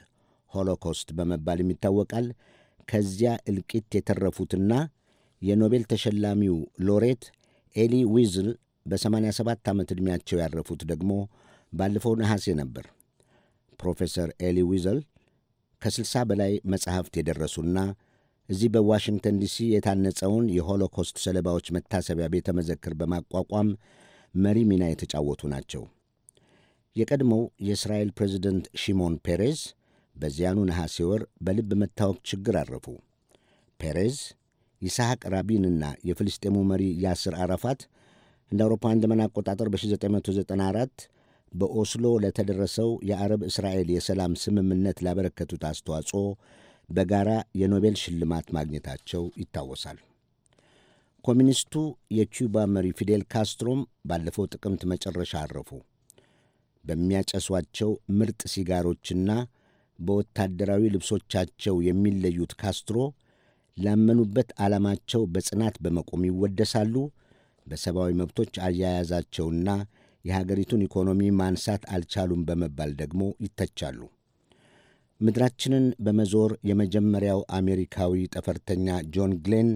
ሆሎኮስት በመባል የሚታወቃል። ከዚያ እልቂት የተረፉትና የኖቤል ተሸላሚው ሎሬት ኤሊ ዊዝል በ87 ዓመት ዕድሜያቸው ያረፉት ደግሞ ባለፈው ነሐሴ ነበር። ፕሮፌሰር ኤሊ ዊዘል ከ60 በላይ መጻሕፍት የደረሱና እዚህ በዋሽንግተን ዲሲ የታነጸውን የሆሎኮስት ሰለባዎች መታሰቢያ ቤተ መዘክር በማቋቋም መሪ ሚና የተጫወቱ ናቸው። የቀድሞው የእስራኤል ፕሬዚደንት ሺሞን ፔሬዝ በዚያኑ ነሐሴ ወር በልብ መታወክ ችግር አረፉ። ፔሬዝ ይስሐቅ ራቢንና የፍልስጤሙ መሪ ያስር አረፋት እንደ አውሮፓውያን ዘመን አቆጣጠር በ1994 በኦስሎ ለተደረሰው የአረብ እስራኤል የሰላም ስምምነት ላበረከቱት አስተዋጽኦ በጋራ የኖቤል ሽልማት ማግኘታቸው ይታወሳል። ኮሚኒስቱ የኪዩባ መሪ ፊዴል ካስትሮም ባለፈው ጥቅምት መጨረሻ አረፉ። በሚያጨሷቸው ምርጥ ሲጋሮችና በወታደራዊ ልብሶቻቸው የሚለዩት ካስትሮ ላመኑበት ዓላማቸው በጽናት በመቆም ይወደሳሉ። በሰብአዊ መብቶች አያያዛቸውና የሀገሪቱን ኢኮኖሚ ማንሳት አልቻሉም በመባል ደግሞ ይተቻሉ። ምድራችንን በመዞር የመጀመሪያው አሜሪካዊ ጠፈርተኛ ጆን ግሌን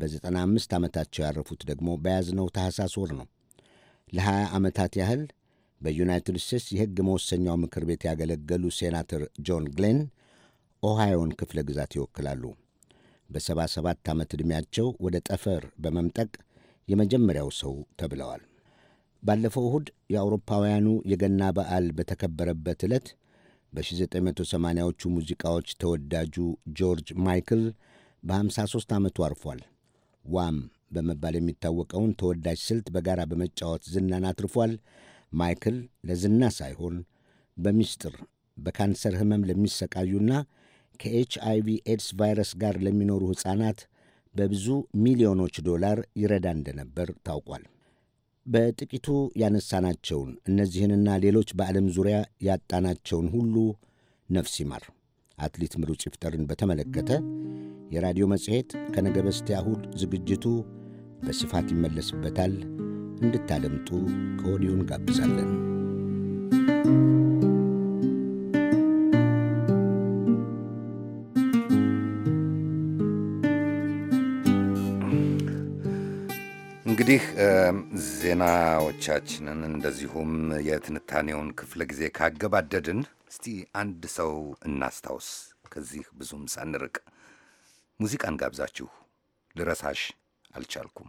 በ95 ዓመታቸው ያረፉት ደግሞ በያዝነው ታሕሳስ ወር ነው። ለ20 ዓመታት ያህል በዩናይትድ ስቴትስ የሕግ መወሰኛው ምክር ቤት ያገለገሉ ሴናተር ጆን ግሌን ኦሃዮን ክፍለ ግዛት ይወክላሉ። በ77 ዓመት ዕድሜያቸው ወደ ጠፈር በመምጠቅ የመጀመሪያው ሰው ተብለዋል። ባለፈው እሁድ የአውሮፓውያኑ የገና በዓል በተከበረበት ዕለት በ1980ዎቹ ሙዚቃዎች ተወዳጁ ጆርጅ ማይክል በ53 ዓመቱ አርፏል። ዋም በመባል የሚታወቀውን ተወዳጅ ስልት በጋራ በመጫወት ዝናን አትርፏል። ማይክል ለዝና ሳይሆን በምስጢር በካንሰር ህመም ለሚሰቃዩና ከኤች ቪ ኤድስ ቫይረስ ጋር ለሚኖሩ ሕፃናት በብዙ ሚሊዮኖች ዶላር ይረዳ እንደነበር ታውቋል። በጥቂቱ ያነሳናቸውን እነዚህንና ሌሎች በዓለም ዙሪያ ያጣናቸውን ሁሉ ነፍስ ይማር አትሌት ምሩጽ ይፍጠርን በተመለከተ የራዲዮ መጽሔት ከነገ በስቲያ እሁድ ዝግጅቱ በስፋት ይመለስበታል። እንድታደምጡ ከወዲሁን ጋብዛለን እንግዲህ ዜናዎቻችንን እንደዚሁም የትንታኔውን ክፍለ ጊዜ ካገባደድን እስቲ አንድ ሰው እናስታውስ። ከዚህ ብዙም ሳንርቅ ሙዚቃን ጋብዛችሁ ልረሳሽ አልቻልኩም።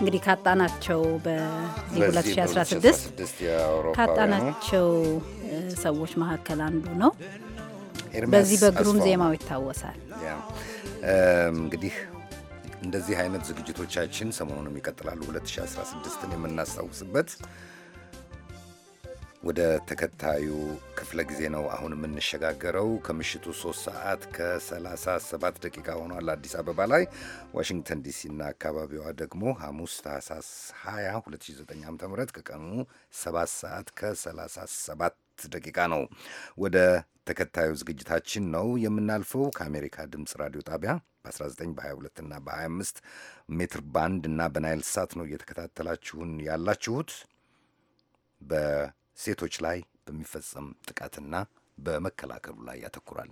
እንግዲህ ካጣናቸው በ2016 ካጣናቸው ሰዎች መካከል አንዱ ነው። በዚህ በግሩም ዜማው ይታወሳል። እንግዲህ እንደዚህ አይነት ዝግጅቶቻችን ሰሞኑንም ይቀጥላሉ። 2016ን የምናስታውስበት ወደ ተከታዩ ክፍለ ጊዜ ነው አሁን የምንሸጋገረው። ከምሽቱ 3 ሰዓት ከ37 ደቂቃ ሆኗል አዲስ አበባ ላይ። ዋሽንግተን እና አካባቢዋ ደግሞ ሐሙስ ታህሳስ 20 2009 ም ከቀኑ 7 ሰዓት ከ37 ደቂቃ ነው። ወደ ተከታዩ ዝግጅታችን ነው የምናልፈው። ከአሜሪካ ድምፅ ራዲዮ ጣቢያ በ19 በ22 እና በ25 ሜትር ባንድ እና በናይል ሳት ነው እየተከታተላችሁን ያላችሁት በ ሴቶች ላይ በሚፈጸም ጥቃትና በመከላከሉ ላይ ያተኩራል።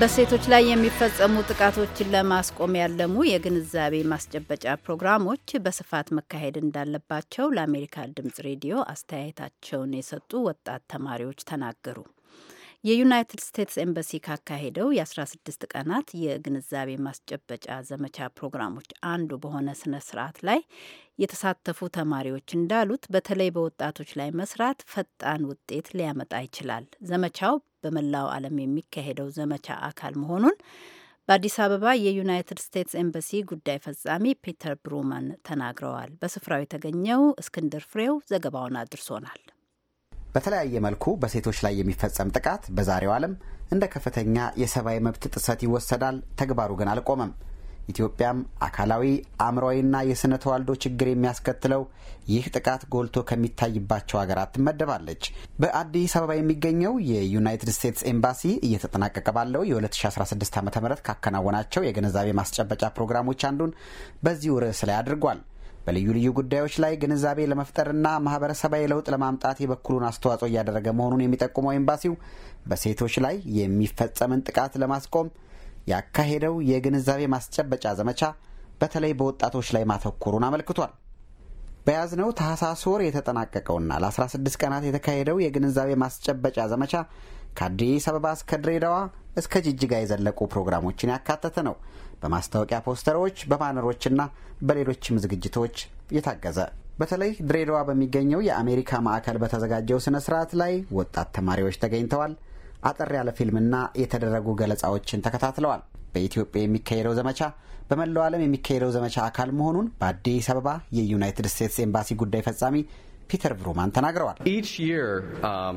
በሴቶች ላይ የሚፈጸሙ ጥቃቶችን ለማስቆም ያለሙ የግንዛቤ ማስጨበጫ ፕሮግራሞች በስፋት መካሄድ እንዳለባቸው ለአሜሪካ ድምጽ ሬዲዮ አስተያየታቸውን የሰጡ ወጣት ተማሪዎች ተናገሩ። የዩናይትድ ስቴትስ ኤምባሲ ካካሄደው የ16 ቀናት የግንዛቤ ማስጨበጫ ዘመቻ ፕሮግራሞች አንዱ በሆነ ስነ ስርዓት ላይ የተሳተፉ ተማሪዎች እንዳሉት በተለይ በወጣቶች ላይ መስራት ፈጣን ውጤት ሊያመጣ ይችላል። ዘመቻው በመላው ዓለም የሚካሄደው ዘመቻ አካል መሆኑን በአዲስ አበባ የዩናይትድ ስቴትስ ኤምባሲ ጉዳይ ፈጻሚ ፒተር ብሩማን ተናግረዋል። በስፍራው የተገኘው እስክንድር ፍሬው ዘገባውን አድርሶናል። በተለያየ መልኩ በሴቶች ላይ የሚፈጸም ጥቃት በዛሬው ዓለም እንደ ከፍተኛ የሰብአዊ መብት ጥሰት ይወሰዳል። ተግባሩ ግን አልቆመም። ኢትዮጵያም አካላዊ አእምሯዊና የሥነ ተዋልዶ ችግር የሚያስከትለው ይህ ጥቃት ጎልቶ ከሚታይባቸው ሀገራት ትመደባለች። በአዲስ አበባ የሚገኘው የዩናይትድ ስቴትስ ኤምባሲ እየተጠናቀቀ ባለው የ2016 ዓ ም ካከናወናቸው የግንዛቤ ማስጨበጫ ፕሮግራሞች አንዱን በዚሁ ርዕስ ላይ አድርጓል። በልዩ ልዩ ጉዳዮች ላይ ግንዛቤ ለመፍጠርና ማህበረሰባዊ ለውጥ ለማምጣት የበኩሉን አስተዋጽኦ እያደረገ መሆኑን የሚጠቁመው ኤምባሲው በሴቶች ላይ የሚፈጸምን ጥቃት ለማስቆም ያካሄደው የግንዛቤ ማስጨበጫ ዘመቻ በተለይ በወጣቶች ላይ ማተኮሩን አመልክቷል። በያዝነው ታህሳስ ወር የተጠናቀቀውና ለ16 ቀናት የተካሄደው የግንዛቤ ማስጨበጫ ዘመቻ ከአዲስ አበባ እስከ ድሬዳዋ እስከ ጅጅጋ የዘለቁ ፕሮግራሞችን ያካተተ ነው። በማስታወቂያ ፖስተሮች፣ በባነሮችና በሌሎችም ዝግጅቶች የታገዘ በተለይ ድሬዳዋ በሚገኘው የአሜሪካ ማዕከል በተዘጋጀው ስነ ስርዓት ላይ ወጣት ተማሪዎች ተገኝተዋል። አጠር ያለ ፊልምና የተደረጉ ገለጻዎችን ተከታትለዋል። በኢትዮጵያ የሚካሄደው ዘመቻ በመላው ዓለም የሚካሄደው ዘመቻ አካል መሆኑን በአዲስ አበባ የዩናይትድ ስቴትስ ኤምባሲ ጉዳይ ፈጻሚ ፒተር ብሩማን ተናግረዋል። um, uh,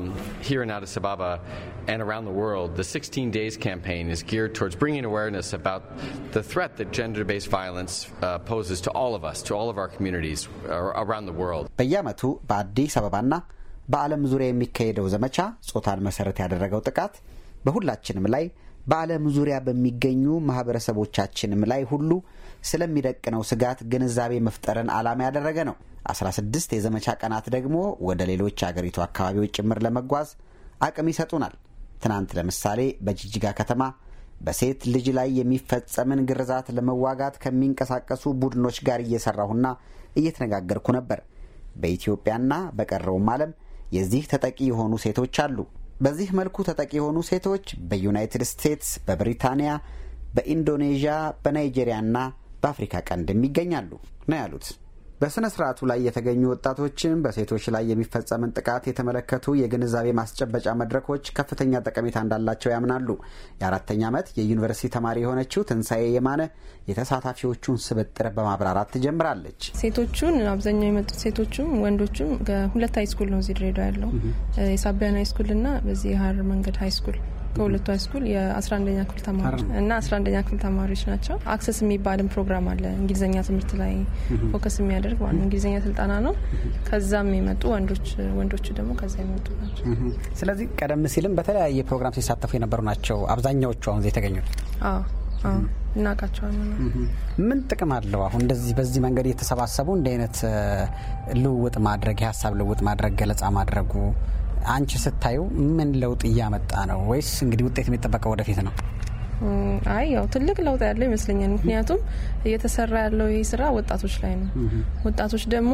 uh, በየዓመቱ በአዲስ አበባና በዓለም ዙሪያ የሚካሄደው ዘመቻ ጾታን መሰረት ያደረገው ጥቃት በሁላችንም ላይ በዓለም ዙሪያ በሚገኙ ማህበረሰቦቻችንም ላይ ሁሉ ስለሚደቅነው ስጋት ግንዛቤ መፍጠርን ዓላማ ያደረገ ነው። 16 የዘመቻ ቀናት ደግሞ ወደ ሌሎች አገሪቱ አካባቢዎች ጭምር ለመጓዝ አቅም ይሰጡናል። ትናንት ለምሳሌ በጅጅጋ ከተማ በሴት ልጅ ላይ የሚፈጸምን ግርዛት ለመዋጋት ከሚንቀሳቀሱ ቡድኖች ጋር እየሰራሁና እየተነጋገርኩ ነበር። በኢትዮጵያና በቀረውም ዓለም የዚህ ተጠቂ የሆኑ ሴቶች አሉ። በዚህ መልኩ ተጠቂ የሆኑ ሴቶች በዩናይትድ ስቴትስ፣ በብሪታንያ፣ በኢንዶኔዥያ፣ በናይጄሪያና በአፍሪካ ቀንድም ይገኛሉ ነው ያሉት። በሥነ ሥርዓቱ ላይ የተገኙ ወጣቶችን በሴቶች ላይ የሚፈጸምን ጥቃት የተመለከቱ የግንዛቤ ማስጨበጫ መድረኮች ከፍተኛ ጠቀሜታ እንዳላቸው ያምናሉ። የአራተኛ ዓመት የዩኒቨርሲቲ ተማሪ የሆነችው ትንሣኤ የማነ የተሳታፊዎቹን ስብጥር በማብራራት ትጀምራለች። ሴቶቹን አብዛኛው የመጡት ሴቶቹም ወንዶቹም ከሁለት ሃይስኩል ነው እዚህ ድሬዳዋ ያለው የሳቢያን ሀይስኩልና በዚህ የሀረር መንገድ ሃይስኩል ከሁለቱ ሃይስኩል የ11ኛ ክፍል ተማሪ እና 11ኛ ክፍል ተማሪዎች ናቸው። አክሰስ የሚባልም ፕሮግራም አለ እንግሊዝኛ ትምህርት ላይ ፎከስ የሚያደርግ ማለት እንግሊዝኛ ስልጠና ነው። ከዛም የመጡ ወንዶች ወንዶቹ ደግሞ ከዛ የመጡ ናቸው። ስለዚህ ቀደም ሲልም በተለያየ ፕሮግራም ሲሳተፉ የነበሩ ናቸው አብዛኛዎቹ አሁን የተገኙት። እናውቃቸዋለን። ምን ጥቅም አለው አሁን እንደዚህ በዚህ መንገድ የተሰባሰቡ እንዲህ አይነት ልውውጥ ማድረግ የሀሳብ ልውውጥ ማድረግ ገለጻ ማድረጉ አንቺ ስታዩ ምን ለውጥ እያመጣ ነው? ወይስ እንግዲህ ውጤት የሚጠበቀው ወደፊት ነው? አይ ያው ትልቅ ለውጥ ያለው ይመስለኛል። ምክንያቱም እየተሰራ ያለው ይህ ስራ ወጣቶች ላይ ነው። ወጣቶች ደግሞ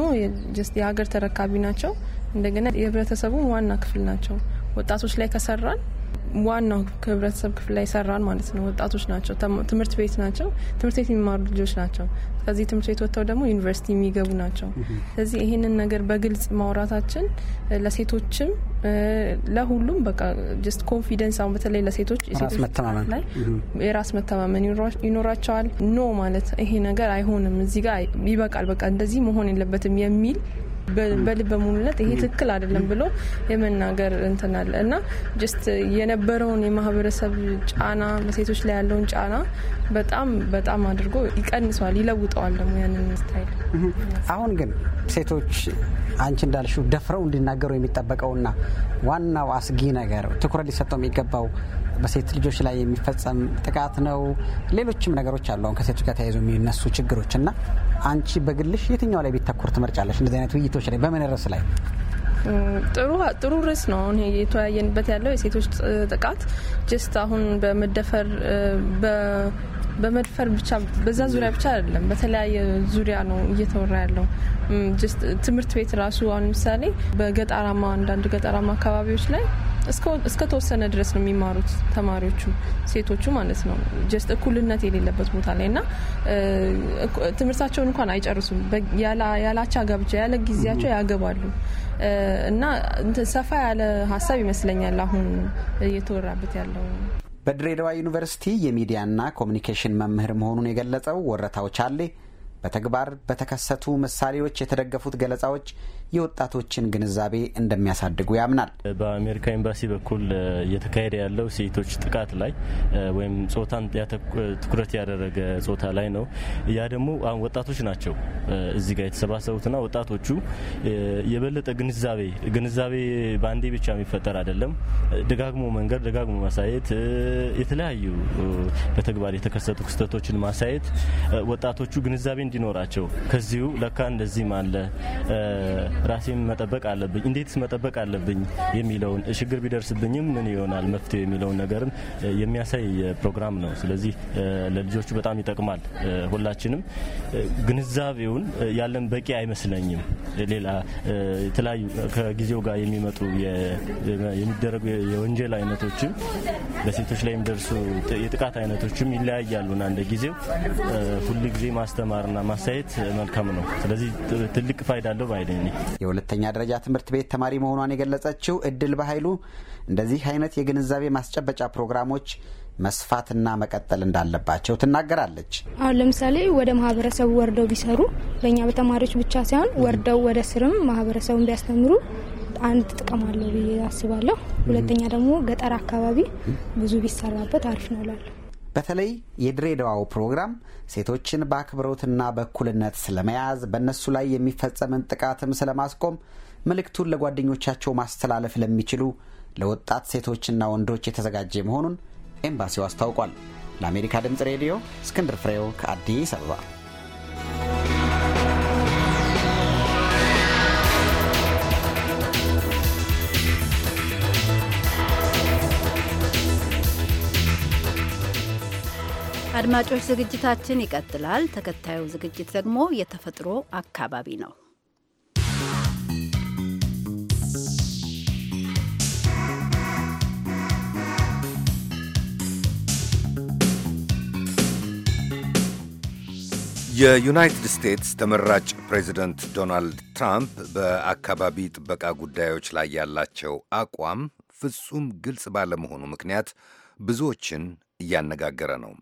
የሀገር ተረካቢ ናቸው። እንደገና የህብረተሰቡ ዋና ክፍል ናቸው። ወጣቶች ላይ ከሰራን ዋናው ከህብረተሰብ ክፍል ላይ ሰራን ማለት ነው። ወጣቶች ናቸው፣ ትምህርት ቤት ናቸው፣ ትምህርት ቤት የሚማሩ ልጆች ናቸው። ከዚህ ትምህርት ቤት ወጥተው ደግሞ ዩኒቨርሲቲ የሚገቡ ናቸው። ስለዚህ ይህንን ነገር በግልጽ ማውራታችን ለሴቶችም ለሁሉም በቃ ጀስት ኮንፊደንስ፣ አሁን በተለይ ለሴቶች የራስ መተማመን ይኖራቸዋል። ኖ ማለት ይሄ ነገር አይሆንም፣ እዚህ ጋር ይበቃል፣ በቃ እንደዚህ መሆን የለበትም የሚል በልበ ሙሉነት ይሄ ትክክል አይደለም ብሎ የመናገር እንትን አለ እና ጀስት የነበረውን የማህበረሰብ ጫና በሴቶች ላይ ያለውን ጫና በጣም በጣም አድርጎ ይቀንሰዋል፣ ይለውጠዋል ደግሞ ያንን ስታይል። አሁን ግን ሴቶች አንቺ እንዳልሽው ደፍረው እንዲናገሩ የሚጠበቀውና ዋናው አስጊ ነገር ትኩረት ሊሰጠው የሚገባው በሴት ልጆች ላይ የሚፈጸም ጥቃት ነው። ሌሎችም ነገሮች አሉ አሁን ከሴቶች ጋር ተያይዞ የሚነሱ ችግሮች እና አንቺ በግልሽ የትኛው ላይ ቢተኮር ትመርጫለሽ? እንደዚህ አይነት ውይይቶች ላይ በምን ርዕስ ላይ ጥሩ ጥሩ ርዕስ ነው። አሁን የተወያየንበት ያለው የሴቶች ጥቃት ጀስት አሁን በመደፈር በመድፈር ብቻ በዛ ዙሪያ ብቻ አይደለም፣ በተለያየ ዙሪያ ነው እየተወራ ያለው። ጀስት ትምህርት ቤት ራሱ አሁን ለምሳሌ በገጠራማ አንዳንድ ገጠራማ አካባቢዎች ላይ እስከ ተወሰነ ድረስ ነው የሚማሩት ተማሪዎቹ ሴቶቹ ማለት ነው። ጀስት እኩልነት የሌለበት ቦታ ላይ እና ትምህርታቸውን እንኳን አይጨርሱም። ያላቻ ጋብቻ ያለ ጊዜያቸው ያገባሉ። እና ሰፋ ያለ ሀሳብ ይመስለኛል አሁን እየተወራበት ያለው። በድሬዳዋ ዩኒቨርሲቲ የሚዲያና ኮሚኒኬሽን መምህር መሆኑን የገለጸው ወረታው ቻሌ በተግባር በተከሰቱ ምሳሌዎች የተደገፉት ገለጻዎች የወጣቶችን ግንዛቤ እንደሚያሳድጉ ያምናል። በአሜሪካ ኤምባሲ በኩል እየተካሄደ ያለው ሴቶች ጥቃት ላይ ወይም ጾታን ትኩረት ያደረገ ጾታ ላይ ነው። ያ ደግሞ አሁን ወጣቶች ናቸው እዚህ ጋር የተሰባሰቡትና ወጣቶቹ የበለጠ ግንዛቤ ግንዛቤ በአንዴ ብቻ የሚፈጠር አይደለም። ደጋግሞ መንገድ ደጋግሞ ማሳየት፣ የተለያዩ በተግባር የተከሰቱ ክስተቶችን ማሳየት ወጣቶቹ ግንዛቤ እንዲኖራቸው ከዚሁ ለካ እንደዚህም አለ ራሴን መጠበቅ አለብኝ፣ እንዴትስ መጠበቅ አለብኝ የሚለውን ችግር ቢደርስብኝም ምን ይሆናል መፍትሄ የሚለውን ነገርን የሚያሳይ ፕሮግራም ነው። ስለዚህ ለልጆቹ በጣም ይጠቅማል። ሁላችንም ግንዛቤውን ያለን በቂ አይመስለኝም። ሌላ የተለያዩ ከጊዜው ጋር የሚመጡ የሚደረጉ የወንጀል አይነቶችም በሴቶች ላይ የሚደርሱ የጥቃት አይነቶችም ይለያያሉና እንደ ጊዜው ጊዜ ማስተማርና ማሳየት መልካም ነው። ስለዚህ ትልቅ ፋይዳ አለው ባይደኝ የሁለተኛ ደረጃ ትምህርት ቤት ተማሪ መሆኗን የገለጸችው እድል በኃይሉ እንደዚህ አይነት የግንዛቤ ማስጨበጫ ፕሮግራሞች መስፋትና መቀጠል እንዳለባቸው ትናገራለች። አሁን ለምሳሌ ወደ ማህበረሰቡ ወርደው ቢሰሩ በእኛ በተማሪዎች ብቻ ሳይሆን ወርደው ወደ ስርም ማህበረሰቡን ቢያስተምሩ አንድ ጥቅም አለው ብዬ አስባለሁ። ሁለተኛ ደግሞ ገጠር አካባቢ ብዙ ቢሰራበት አሪፍ ነው እላለሁ። በተለይ የድሬዳዋው ፕሮግራም ሴቶችን በአክብሮትና በእኩልነት ስለመያዝ በእነሱ ላይ የሚፈጸምን ጥቃትም ስለማስቆም መልእክቱን ለጓደኞቻቸው ማስተላለፍ ለሚችሉ ለወጣት ሴቶችና ወንዶች የተዘጋጀ መሆኑን ኤምባሲው አስታውቋል። ለአሜሪካ ድምፅ ሬዲዮ እስክንድር ፍሬው ከአዲስ አበባ አድማጮች ዝግጅታችን ይቀጥላል። ተከታዩ ዝግጅት ደግሞ የተፈጥሮ አካባቢ ነው። የዩናይትድ ስቴትስ ተመራጭ ፕሬዚደንት ዶናልድ ትራምፕ በአካባቢ ጥበቃ ጉዳዮች ላይ ያላቸው አቋም ፍጹም ግልጽ ባለመሆኑ ምክንያት ብዙዎችን እያነጋገረ ነው።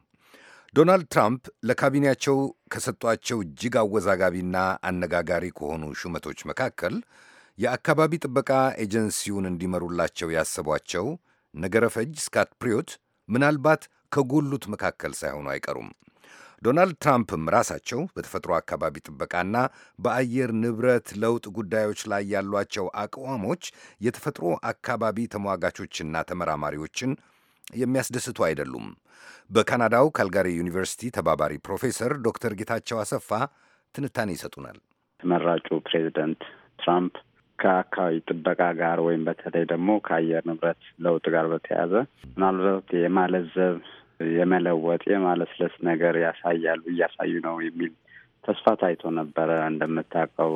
ዶናልድ ትራምፕ ለካቢኔያቸው ከሰጧቸው እጅግ አወዛጋቢና አነጋጋሪ ከሆኑ ሹመቶች መካከል የአካባቢ ጥበቃ ኤጀንሲውን እንዲመሩላቸው ያሰቧቸው ፈጅ ስካት ፕሪዮት ምናልባት ከጎሉት መካከል ሳይሆኑ አይቀሩም። ዶናልድ ትራምፕም ራሳቸው በተፈጥሮ አካባቢ ጥበቃና በአየር ንብረት ለውጥ ጉዳዮች ላይ ያሏቸው አቋሞች የተፈጥሮ አካባቢ ተሟጋቾችና ተመራማሪዎችን የሚያስደስቱ አይደሉም። በካናዳው ካልጋሪ ዩኒቨርሲቲ ተባባሪ ፕሮፌሰር ዶክተር ጌታቸው አሰፋ ትንታኔ ይሰጡናል። ተመራጩ ፕሬዚደንት ትራምፕ ከአካባቢ ጥበቃ ጋር ወይም በተለይ ደግሞ ከአየር ንብረት ለውጥ ጋር በተያያዘ ምናልባት የማለዘብ የመለወጥ የማለስለስ ነገር ያሳያሉ እያሳዩ ነው የሚል ተስፋ ታይቶ ነበረ። እንደምታውቀው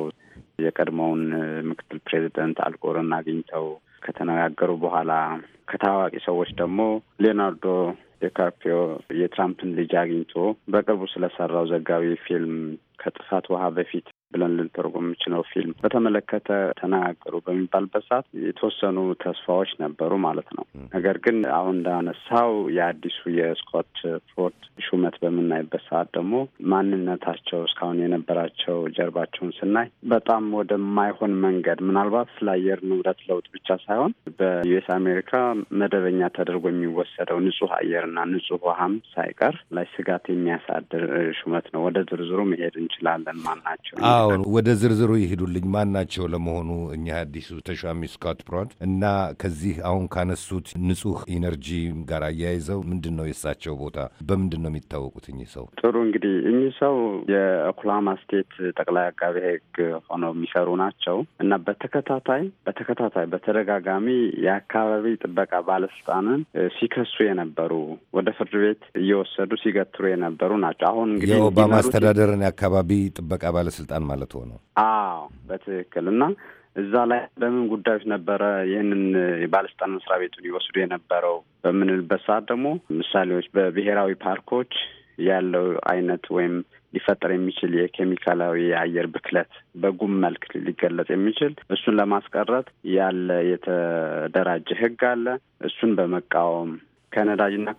የቀድሞውን ምክትል ፕሬዚደንት አልቆርን አግኝተው ከተነጋገሩ በኋላ ከታዋቂ ሰዎች ደግሞ ሌናርዶ የካፕሪዮ የትራምፕን ልጅ አግኝቶ በቅርቡ ስለሰራው ዘጋቢ ፊልም ከጥፋት ውሃ በፊት ብለን ልንተርጎም የምችለው ፊልም በተመለከተ ተናገሩ በሚባልበት ሰዓት የተወሰኑ ተስፋዎች ነበሩ ማለት ነው። ነገር ግን አሁን እንዳነሳው የአዲሱ የስኮት ፎርድ ሹመት በምናይበት ሰዓት ደግሞ ማንነታቸው እስካሁን የነበራቸው ጀርባቸውን ስናይ በጣም ወደማይሆን መንገድ ምናልባት ስለ አየር ንብረት ለውጥ ብቻ ሳይሆን በዩኤስ አሜሪካ መደበኛ ተደርጎ የሚወሰደው ንጹህ አየር ውሃና ንጹህ ውሃም ሳይቀር ላይ ስጋት የሚያሳድር ሹመት ነው። ወደ ዝርዝሩ መሄድ እንችላለን። ማን ናቸው? አዎ ወደ ዝርዝሩ ይሄዱልኝ። ማን ናቸው ለመሆኑ እኚህ አዲሱ ተሿሚ ስኮት ፕሮንት? እና ከዚህ አሁን ካነሱት ንጹህ ኢነርጂ ጋር አያይዘው ምንድን ነው የእሳቸው ቦታ? በምንድን ነው የሚታወቁት እኚህ ሰው? ጥሩ እንግዲህ እኚህ ሰው የኦክላማ ስቴት ጠቅላይ አቃቤ ሕግ ሆነው የሚሰሩ ናቸው እና በተከታታይ በተከታታይ በተደጋጋሚ የአካባቢ ጥበቃ ባለስልጣንን ሲከሱ የነበሩ ወደ ፍርድ ቤት እየወሰዱ ሲገትሩ የነበሩ ናቸው። አሁን እንግዲህ የኦባማ አስተዳደርን የአካባቢ ጥበቃ ባለስልጣን ማለት ሆነው። አዎ በትክክል እና እዛ ላይ በምን ጉዳዮች ነበረ ይህንን የባለስልጣን መስሪያ ቤቱን ይወስዱ የነበረው በምንልበት ሰዓት ደግሞ ምሳሌዎች በብሔራዊ ፓርኮች ያለው አይነት ወይም ሊፈጠር የሚችል የኬሚካላዊ የአየር ብክለት በጉም መልክ ሊገለጽ የሚችል እሱን ለማስቀረት ያለ የተደራጀ ህግ አለ። እሱን በመቃወም ከነዳጅና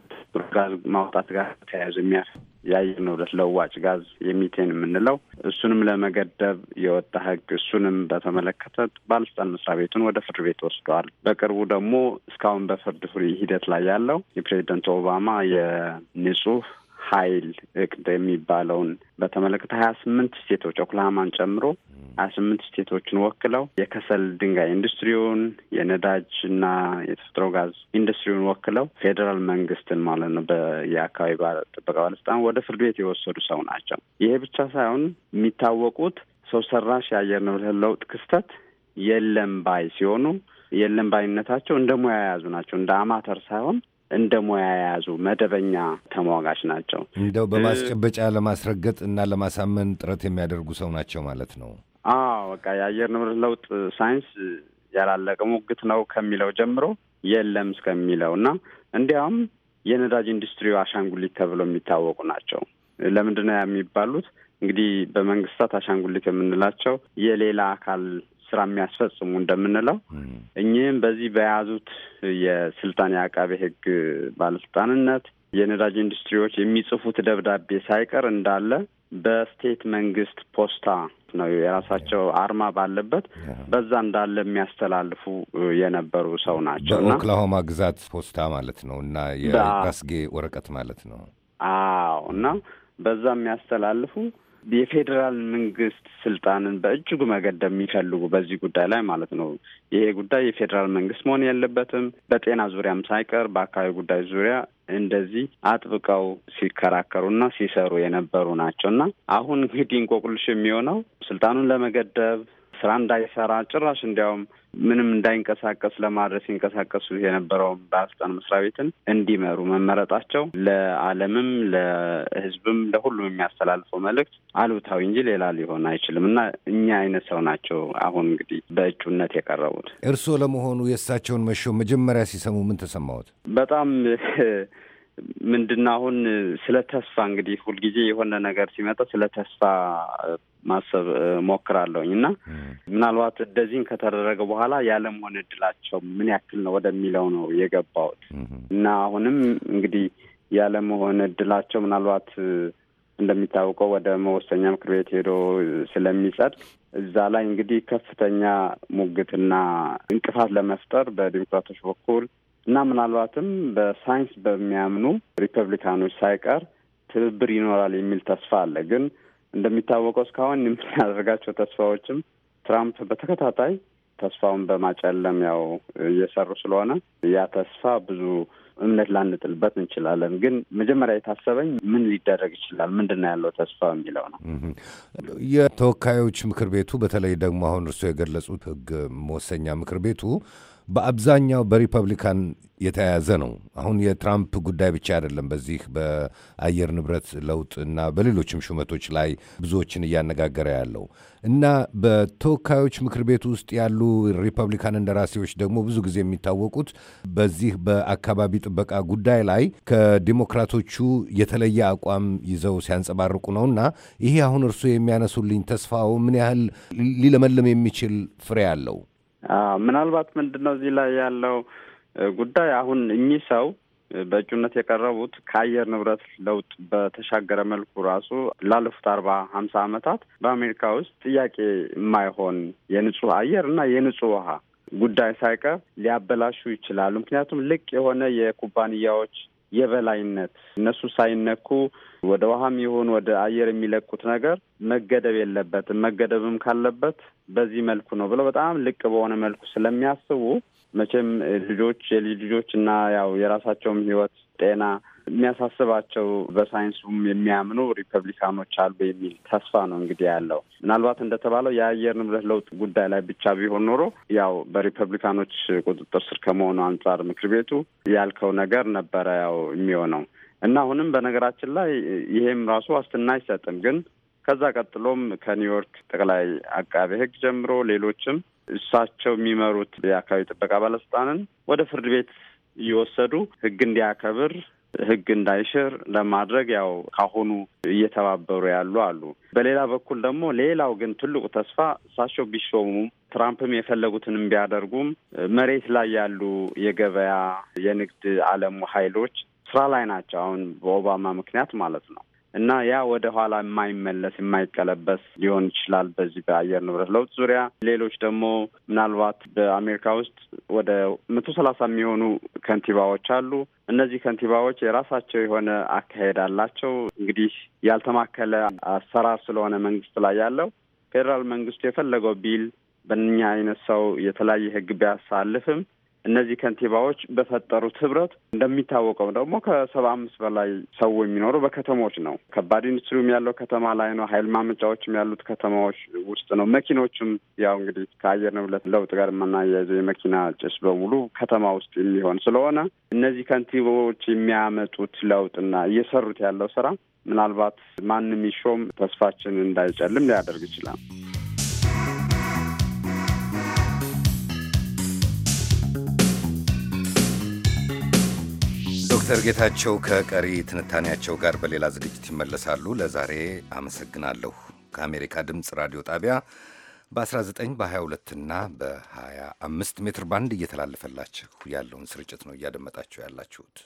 ጋዝ ማውጣት ጋር ተያያዙ የሚያስ የአየር ንብረት ለዋጭ ጋዝ የሚቴን የምንለው እሱንም ለመገደብ የወጣ ህግ እሱንም በተመለከተ ባለስልጣን መስሪያ ቤቱን ወደ ፍርድ ቤት ወስደዋል። በቅርቡ ደግሞ እስካሁን በፍርድ ሂደት ላይ ያለው የፕሬዚደንት ኦባማ የንጹህ ኃይል እቅድ የሚባለውን በተመለከተ ሀያ ስምንት ስቴቶች ኦክላሃማን ጨምሮ ሀያ ስምንት ስቴቶችን ወክለው የከሰል ድንጋይ ኢንዱስትሪውን የነዳጅና የተፈጥሮ ጋዝ ኢንዱስትሪውን ወክለው ፌዴራል መንግስትን ማለት ነው የአካባቢ ጥበቃ ባለስልጣን ወደ ፍርድ ቤት የወሰዱ ሰው ናቸው። ይሄ ብቻ ሳይሆን የሚታወቁት ሰው ሰራሽ የአየር ንብረት ለውጥ ክስተት የለም ባይ ሲሆኑ የለም ባይነታቸው እንደ ሙያ የያዙ ናቸው። እንደ አማተር ሳይሆን እንደ ሙያ የያዙ መደበኛ ተሟጋች ናቸው። እንደው በማስጨበጫ ለማስረገጥ እና ለማሳመን ጥረት የሚያደርጉ ሰው ናቸው ማለት ነው። አዎ በቃ የአየር ንብረት ለውጥ ሳይንስ ያላለቀ ሙግት ነው ከሚለው ጀምሮ የለም እስከሚለው እና እንዲያውም የነዳጅ ኢንዱስትሪው አሻንጉሊት ተብለው የሚታወቁ ናቸው። ለምንድን ነው የሚባሉት? እንግዲህ በመንግስታት አሻንጉሊት የምንላቸው የሌላ አካል ስራ የሚያስፈጽሙ እንደምንለው እኚህም በዚህ በያዙት የስልጣን የአቃቤ ሕግ ባለስልጣንነት የነዳጅ ኢንዱስትሪዎች የሚጽፉት ደብዳቤ ሳይቀር እንዳለ በስቴት መንግስት ፖስታ ነው የራሳቸው አርማ ባለበት በዛ እንዳለ የሚያስተላልፉ የነበሩ ሰው ናቸው። በኦክላሆማ ግዛት ፖስታ ማለት ነው እና የራስጌ ወረቀት ማለት ነው። አዎ እና በዛ የሚያስተላልፉ የፌዴራል መንግስት ስልጣንን በእጅጉ መገደብ የሚፈልጉ በዚህ ጉዳይ ላይ ማለት ነው። ይሄ ጉዳይ የፌዴራል መንግስት መሆን የለበትም። በጤና ዙሪያም ሳይቀር በአካባቢ ጉዳይ ዙሪያ እንደዚህ አጥብቀው ሲከራከሩና ሲሰሩ የነበሩ ናቸው እና አሁን እንግዲህ እንቆቅልሽ የሚሆነው ስልጣኑን ለመገደብ ስራ እንዳይሰራ ጭራሽ እንዲያውም ምንም እንዳይንቀሳቀስ ለማድረስ ሲንቀሳቀሱ የነበረውን ባለስልጣን መስሪያ ቤትን እንዲመሩ መመረጣቸው ለዓለምም ለሕዝብም ለሁሉም የሚያስተላልፈው መልእክት አሉታዊ እንጂ ሌላ ሊሆን አይችልም እና እኛ አይነት ሰው ናቸው አሁን እንግዲህ በእጩነት የቀረቡት። እርስዎ ለመሆኑ የእሳቸውን መሾም መጀመሪያ ሲሰሙ ምን ተሰማዎት? በጣም ምንድን አሁን ስለ ተስፋ እንግዲህ ሁልጊዜ የሆነ ነገር ሲመጣ ስለ ተስፋ ማሰብ ሞክራለሁኝ እና ምናልባት እንደዚህም ከተደረገ በኋላ ያለመሆን እድላቸው ምን ያክል ነው ወደሚለው ነው የገባሁት እና አሁንም እንግዲህ ያለመሆን እድላቸው ምናልባት እንደሚታወቀው ወደ መወሰኛ ምክር ቤት ሄዶ ስለሚጸድቅ እዛ ላይ እንግዲህ ከፍተኛ ሙግትና እንቅፋት ለመፍጠር በዲሞክራቶች በኩል እና ምናልባትም በሳይንስ በሚያምኑ ሪፐብሊካኖች ሳይቀር ትብብር ይኖራል የሚል ተስፋ አለ። ግን እንደሚታወቀው እስካሁን የምናደርጋቸው ተስፋዎችም ትራምፕ በተከታታይ ተስፋውን በማጨለም ያው እየሰሩ ስለሆነ ያ ተስፋ ብዙ እምነት ላንጥልበት እንችላለን። ግን መጀመሪያ የታሰበኝ ምን ሊደረግ ይችላል፣ ምንድን ነው ያለው ተስፋ የሚለው ነው። የተወካዮች ምክር ቤቱ በተለይ ደግሞ አሁን እርስዎ የገለጹት ህግ መወሰኛ ምክር ቤቱ በአብዛኛው በሪፐብሊካን የተያያዘ ነው። አሁን የትራምፕ ጉዳይ ብቻ አይደለም። በዚህ በአየር ንብረት ለውጥ እና በሌሎችም ሹመቶች ላይ ብዙዎችን እያነጋገረ ያለው እና በተወካዮች ምክር ቤት ውስጥ ያሉ ሪፐብሊካን እንደራሴዎች ደግሞ ብዙ ጊዜ የሚታወቁት በዚህ በአካባቢ ጥበቃ ጉዳይ ላይ ከዲሞክራቶቹ የተለየ አቋም ይዘው ሲያንጸባርቁ ነው እና ይሄ አሁን እርስዎ የሚያነሱልኝ ተስፋው ምን ያህል ሊለመልም የሚችል ፍሬ አለው? ምናልባት ምንድን ነው እዚህ ላይ ያለው ጉዳይ አሁን እኚህ ሰው በእጩነት የቀረቡት ከአየር ንብረት ለውጥ በተሻገረ መልኩ ራሱ ላለፉት አርባ ሀምሳ ዓመታት በአሜሪካ ውስጥ ጥያቄ የማይሆን የንጹህ አየር እና የንጹህ ውሃ ጉዳይ ሳይቀር ሊያበላሹ ይችላሉ። ምክንያቱም ልቅ የሆነ የኩባንያዎች የበላይነት እነሱ ሳይነኩ ወደ ውሃም ይሁን ወደ አየር የሚለቁት ነገር መገደብ የለበትም። መገደብም ካለበት በዚህ መልኩ ነው ብለው በጣም ልቅ በሆነ መልኩ ስለሚያስቡ መቼም ልጆች የልጅ ልጆች እና ያው የራሳቸውም ህይወት ጤና የሚያሳስባቸው በሳይንሱም የሚያምኑ ሪፐብሊካኖች አሉ የሚል ተስፋ ነው እንግዲህ ያለው። ምናልባት እንደተባለው የአየር ንብረት ለውጥ ጉዳይ ላይ ብቻ ቢሆን ኖሮ ያው በሪፐብሊካኖች ቁጥጥር ስር ከመሆኑ አንጻር ምክር ቤቱ ያልከው ነገር ነበረ ያው የሚሆነው እና አሁንም በነገራችን ላይ ይሄም ራሱ ዋስትና አይሰጥም። ግን ከዛ ቀጥሎም ከኒውዮርክ ጠቅላይ አቃቤ ሕግ ጀምሮ ሌሎችም እሳቸው የሚመሩት የአካባቢ ጥበቃ ባለስልጣንን ወደ ፍርድ ቤት እየወሰዱ ሕግ እንዲያከብር ህግ እንዳይሽር ለማድረግ ያው ካሁኑ እየተባበሩ ያሉ አሉ። በሌላ በኩል ደግሞ ሌላው ግን ትልቁ ተስፋ እሳቸው ቢሾሙም ትራምፕም የፈለጉትንም ቢያደርጉም መሬት ላይ ያሉ የገበያ የንግድ ዓለሙ ኃይሎች ስራ ላይ ናቸው። አሁን በኦባማ ምክንያት ማለት ነው። እና ያ ወደ ኋላ የማይመለስ የማይቀለበስ ሊሆን ይችላል። በዚህ በአየር ንብረት ለውጥ ዙሪያ ሌሎች ደግሞ ምናልባት በአሜሪካ ውስጥ ወደ መቶ ሰላሳ የሚሆኑ ከንቲባዎች አሉ። እነዚህ ከንቲባዎች የራሳቸው የሆነ አካሄድ አላቸው። እንግዲህ ያልተማከለ አሰራር ስለሆነ መንግስት ላይ ያለው ፌዴራል መንግስቱ የፈለገው ቢል በእኛ አይነት ሰው የተለያየ ህግ ቢያሳልፍም እነዚህ ከንቲባዎች በፈጠሩት ህብረት እንደሚታወቀው ደግሞ ከሰባ አምስት በላይ ሰው የሚኖሩ በከተሞች ነው። ከባድ ኢንዱስትሪም ያለው ከተማ ላይ ነው። ኃይል ማመንጫዎችም ያሉት ከተማዎች ውስጥ ነው። መኪኖችም ያው እንግዲህ ከአየር ንብረት ለውጥ ጋር የምናያይዘው የመኪና ጭስ በሙሉ ከተማ ውስጥ የሚሆን ስለሆነ እነዚህ ከንቲባዎች የሚያመጡት ለውጥና እየሰሩት ያለው ስራ ምናልባት ማንም ይሾም ተስፋችን እንዳይጨልም ሊያደርግ ይችላል። ዶክተር ጌታቸው ከቀሪ ትንታኔያቸው ጋር በሌላ ዝግጅት ይመለሳሉ። ለዛሬ አመሰግናለሁ። ከአሜሪካ ድምፅ ራዲዮ ጣቢያ በ19 በ22 እና በ25 ሜትር ባንድ እየተላለፈላችሁ ያለውን ስርጭት ነው እያደመጣችሁ ያላችሁት።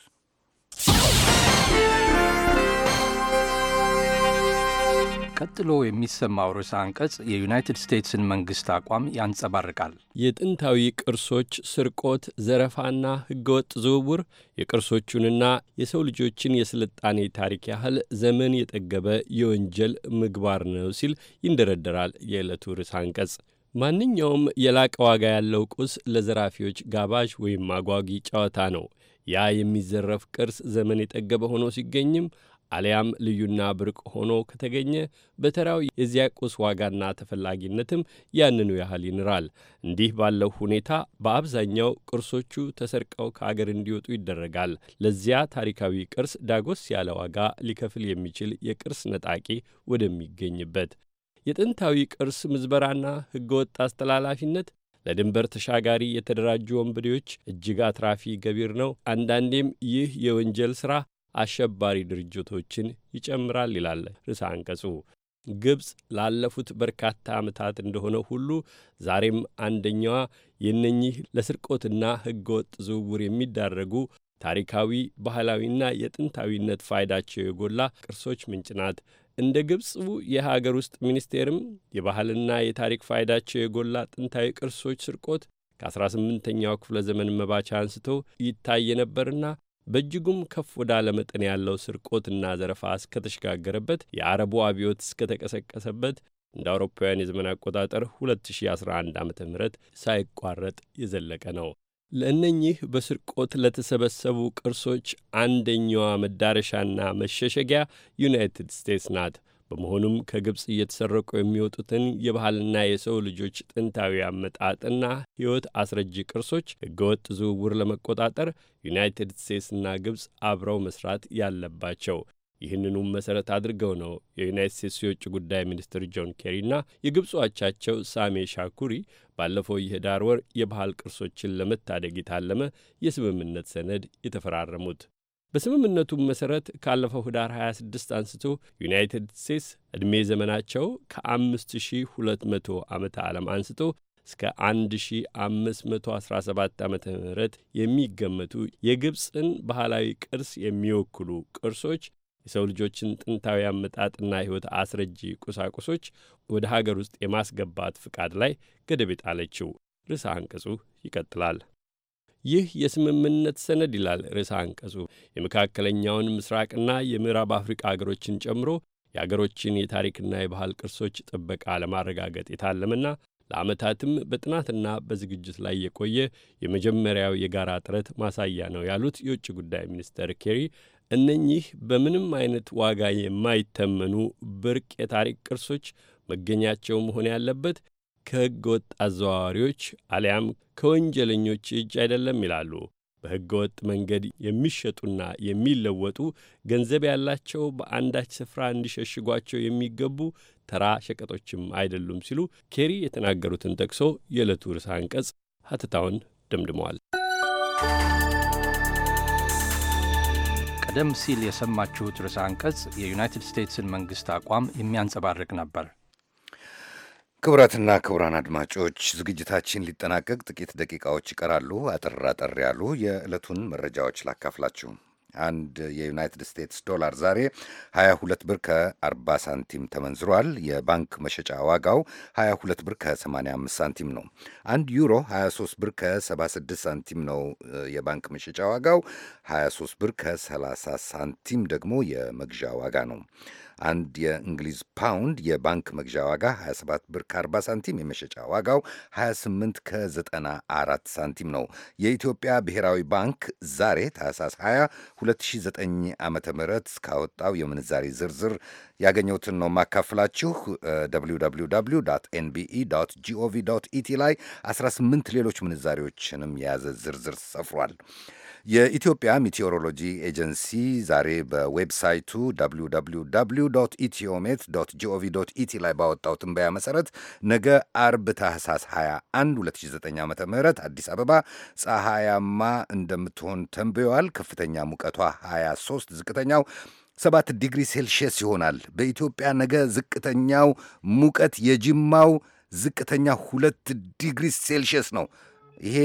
ቀጥሎ የሚሰማው ርዕሰ አንቀጽ የዩናይትድ ስቴትስን መንግሥት አቋም ያንጸባርቃል። የጥንታዊ ቅርሶች ስርቆት፣ ዘረፋና ሕገወጥ ዝውውር የቅርሶቹንና የሰው ልጆችን የስልጣኔ ታሪክ ያህል ዘመን የጠገበ የወንጀል ምግባር ነው ሲል ይንደረደራል የዕለቱ ርዕሰ አንቀጽ። ማንኛውም የላቀ ዋጋ ያለው ቁስ ለዘራፊዎች ጋባዥ ወይም አጓጊ ጨዋታ ነው። ያ የሚዘረፍ ቅርስ ዘመን የጠገበ ሆኖ ሲገኝም አሊያም ልዩና ብርቅ ሆኖ ከተገኘ በተራው የዚያ ቁስ ዋጋና ተፈላጊነትም ያንኑ ያህል ይንራል። እንዲህ ባለው ሁኔታ በአብዛኛው ቅርሶቹ ተሰርቀው ከአገር እንዲወጡ ይደረጋል። ለዚያ ታሪካዊ ቅርስ ዳጎስ ያለ ዋጋ ሊከፍል የሚችል የቅርስ ነጣቂ ወደሚገኝበት የጥንታዊ ቅርስ ምዝበራና ሕገወጥ አስተላላፊነት ለድንበር ተሻጋሪ የተደራጁ ወንበዴዎች እጅግ አትራፊ ገቢር ነው። አንዳንዴም ይህ የወንጀል ሥራ አሸባሪ ድርጅቶችን ይጨምራል ይላል ርዕሰ አንቀጹ። ግብፅ ላለፉት በርካታ ዓመታት እንደሆነ ሁሉ ዛሬም አንደኛዋ የነኚህ ለስርቆትና ሕገወጥ ዝውውር የሚዳረጉ ታሪካዊ ባህላዊና የጥንታዊነት ፋይዳቸው የጎላ ቅርሶች ምንጭ ናት። እንደ ግብፁ የሀገር ውስጥ ሚኒስቴርም የባህልና የታሪክ ፋይዳቸው የጎላ ጥንታዊ ቅርሶች ስርቆት ከ18ኛው ክፍለ ዘመን መባቻ አንስቶ ይታይ የነበርና። በእጅጉም ከፍ ወዳለ መጠን ያለው ስርቆትና ዘረፋ እስከተሸጋገረበት የአረቡ አብዮት እስከተቀሰቀሰበት እንደ አውሮፓውያን የዘመን አቆጣጠር 2011 ዓ ም ሳይቋረጥ የዘለቀ ነው። ለእነኚህ በስርቆት ለተሰበሰቡ ቅርሶች አንደኛዋ መዳረሻና መሸሸጊያ ዩናይትድ ስቴትስ ናት። በመሆኑም ከግብፅ እየተሰረቁ የሚወጡትን የባህልና የሰው ልጆች ጥንታዊ አመጣጥና ሕይወት አስረጂ ቅርሶች ሕገወጥ ዝውውር ለመቆጣጠር ዩናይትድ ስቴትስና ግብፅ አብረው መስራት ያለባቸው። ይህንኑም መሠረት አድርገው ነው የዩናይት ስቴትስ የውጭ ጉዳይ ሚኒስትር ጆን ኬሪና የግብፅ አቻቸው ሳሜ ሻኩሪ ባለፈው የህዳር ወር የባህል ቅርሶችን ለመታደግ የታለመ የስምምነት ሰነድ የተፈራረሙት። በስምምነቱም መሠረት ካለፈው ህዳር 26 አንስቶ ዩናይትድ ስቴትስ ዕድሜ ዘመናቸው ከ5200 ዓመተ ዓለም አንስቶ እስከ 1517 ዓ ም የሚገመቱ የግብፅን ባህላዊ ቅርስ የሚወክሉ ቅርሶች የሰው ልጆችን ጥንታዊ አመጣጥና ሕይወት አስረጂ ቁሳቁሶች ወደ ሀገር ውስጥ የማስገባት ፍቃድ ላይ ገደብ ጣለችው ርዕሰ አንቀጹ ይቀጥላል። ይህ የስምምነት ሰነድ ይላል ርዕሰ አንቀጹ የመካከለኛውን ምስራቅና የምዕራብ አፍሪቃ አገሮችን ጨምሮ የአገሮችን የታሪክና የባህል ቅርሶች ጥበቃ ለማረጋገጥ የታለመና ለዓመታትም በጥናትና በዝግጅት ላይ የቆየ የመጀመሪያው የጋራ ጥረት ማሳያ ነው ያሉት የውጭ ጉዳይ ሚኒስተር ኬሪ እነኚህ በምንም አይነት ዋጋ የማይተመኑ ብርቅ የታሪክ ቅርሶች መገኛቸው መሆን ያለበት ከሕገ ወጥ አዘዋዋሪዎች አሊያም ከወንጀለኞች እጅ አይደለም ይላሉ። በሕገ ወጥ መንገድ የሚሸጡና የሚለወጡ ገንዘብ ያላቸው በአንዳች ስፍራ እንዲሸሽጓቸው የሚገቡ ተራ ሸቀጦችም አይደሉም ሲሉ ኬሪ የተናገሩትን ጠቅሶ የዕለቱ ርዕሰ አንቀጽ ሀትታውን ደምድመዋል። ቀደም ሲል የሰማችሁት ርዕሰ አንቀጽ የዩናይትድ ስቴትስን መንግሥት አቋም የሚያንጸባርቅ ነበር። ክቡራትና ክቡራን አድማጮች ዝግጅታችን ሊጠናቀቅ ጥቂት ደቂቃዎች ይቀራሉ። አጠር አጠር ያሉ የዕለቱን መረጃዎች ላካፍላችሁ። አንድ የዩናይትድ ስቴትስ ዶላር ዛሬ 22 ብር ከ40 ሳንቲም ተመንዝሯል። የባንክ መሸጫ ዋጋው 22 ብር ከ85 ሳንቲም ነው። አንድ ዩሮ 23 ብር ከ76 ሳንቲም ነው የባንክ መሸጫ ዋጋው። 23 ብር ከ30 ሳንቲም ደግሞ የመግዣ ዋጋ ነው። አንድ የእንግሊዝ ፓውንድ የባንክ መግዣ ዋጋ 27 ብር ከ40 ሳንቲም የመሸጫ ዋጋው 28 ከ94 ሳንቲም ነው። የኢትዮጵያ ብሔራዊ ባንክ ዛሬ ታህሳስ 20 2009 ዓ ም ካወጣው የምንዛሪ ዝርዝር ያገኘሁትን ነው ማካፍላችሁ። www ኤንቢኢ ጂኦቪ ኢቲ ላይ 18 ሌሎች ምንዛሪዎችንም የያዘ ዝርዝር ሰፍሯል። የኢትዮጵያ ሚቴዎሮሎጂ ኤጀንሲ ዛሬ በዌብሳይቱ ኢትዮሜት ጂኦቪ ኢቲ ላይ ባወጣው ትንበያ መሰረት ነገ አርብ ታህሳስ 21 2009 ዓ ም አዲስ አበባ ፀሐያማ እንደምትሆን ተንብየዋል። ከፍተኛ ሙቀቷ 23፣ ዝቅተኛው 7 ዲግሪ ሴልሺየስ ይሆናል። በኢትዮጵያ ነገ ዝቅተኛው ሙቀት የጅማው ዝቅተኛ 2 ዲግሪ ሴልሺየስ ነው። ይሄ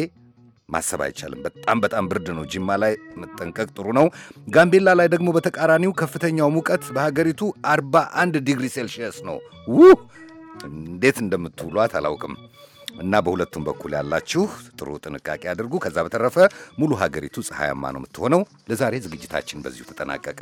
ማሰብ አይቻልም። በጣም በጣም ብርድ ነው። ጅማ ላይ መጠንቀቅ ጥሩ ነው። ጋምቤላ ላይ ደግሞ በተቃራኒው ከፍተኛው ሙቀት በሀገሪቱ 41 ዲግሪ ሴልሺየስ ነው። ውህ እንዴት እንደምትውሏት አላውቅም። እና በሁለቱም በኩል ያላችሁ ጥሩ ጥንቃቄ አድርጉ። ከዛ በተረፈ ሙሉ ሀገሪቱ ፀሐያማ ነው የምትሆነው። ለዛሬ ዝግጅታችን በዚሁ ተጠናቀቀ።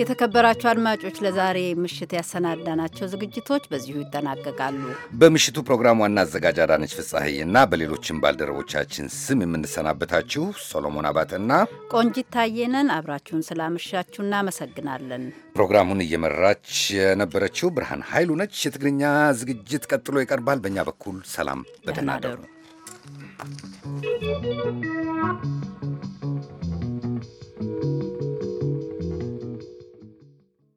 የተከበራችሁ አድማጮች ለዛሬ ምሽት ያሰናዳናቸው ዝግጅቶች በዚሁ ይጠናቀቃሉ። በምሽቱ ፕሮግራም ዋና አዘጋጅ አዳነች ፍሳሐዬና በሌሎችም ባልደረቦቻችን ስም የምንሰናበታችሁ ሶሎሞን አባተና ቆንጂት ታየነን አብራችሁን ስላመሻችሁ እናመሰግናለን። ፕሮግራሙን እየመራች የነበረችው ብርሃን ኃይሉ ነች። የትግርኛ ዝግጅት ቀጥሎ ይቀርባል። በእኛ በኩል ሰላም፣ በደህና እደሩ።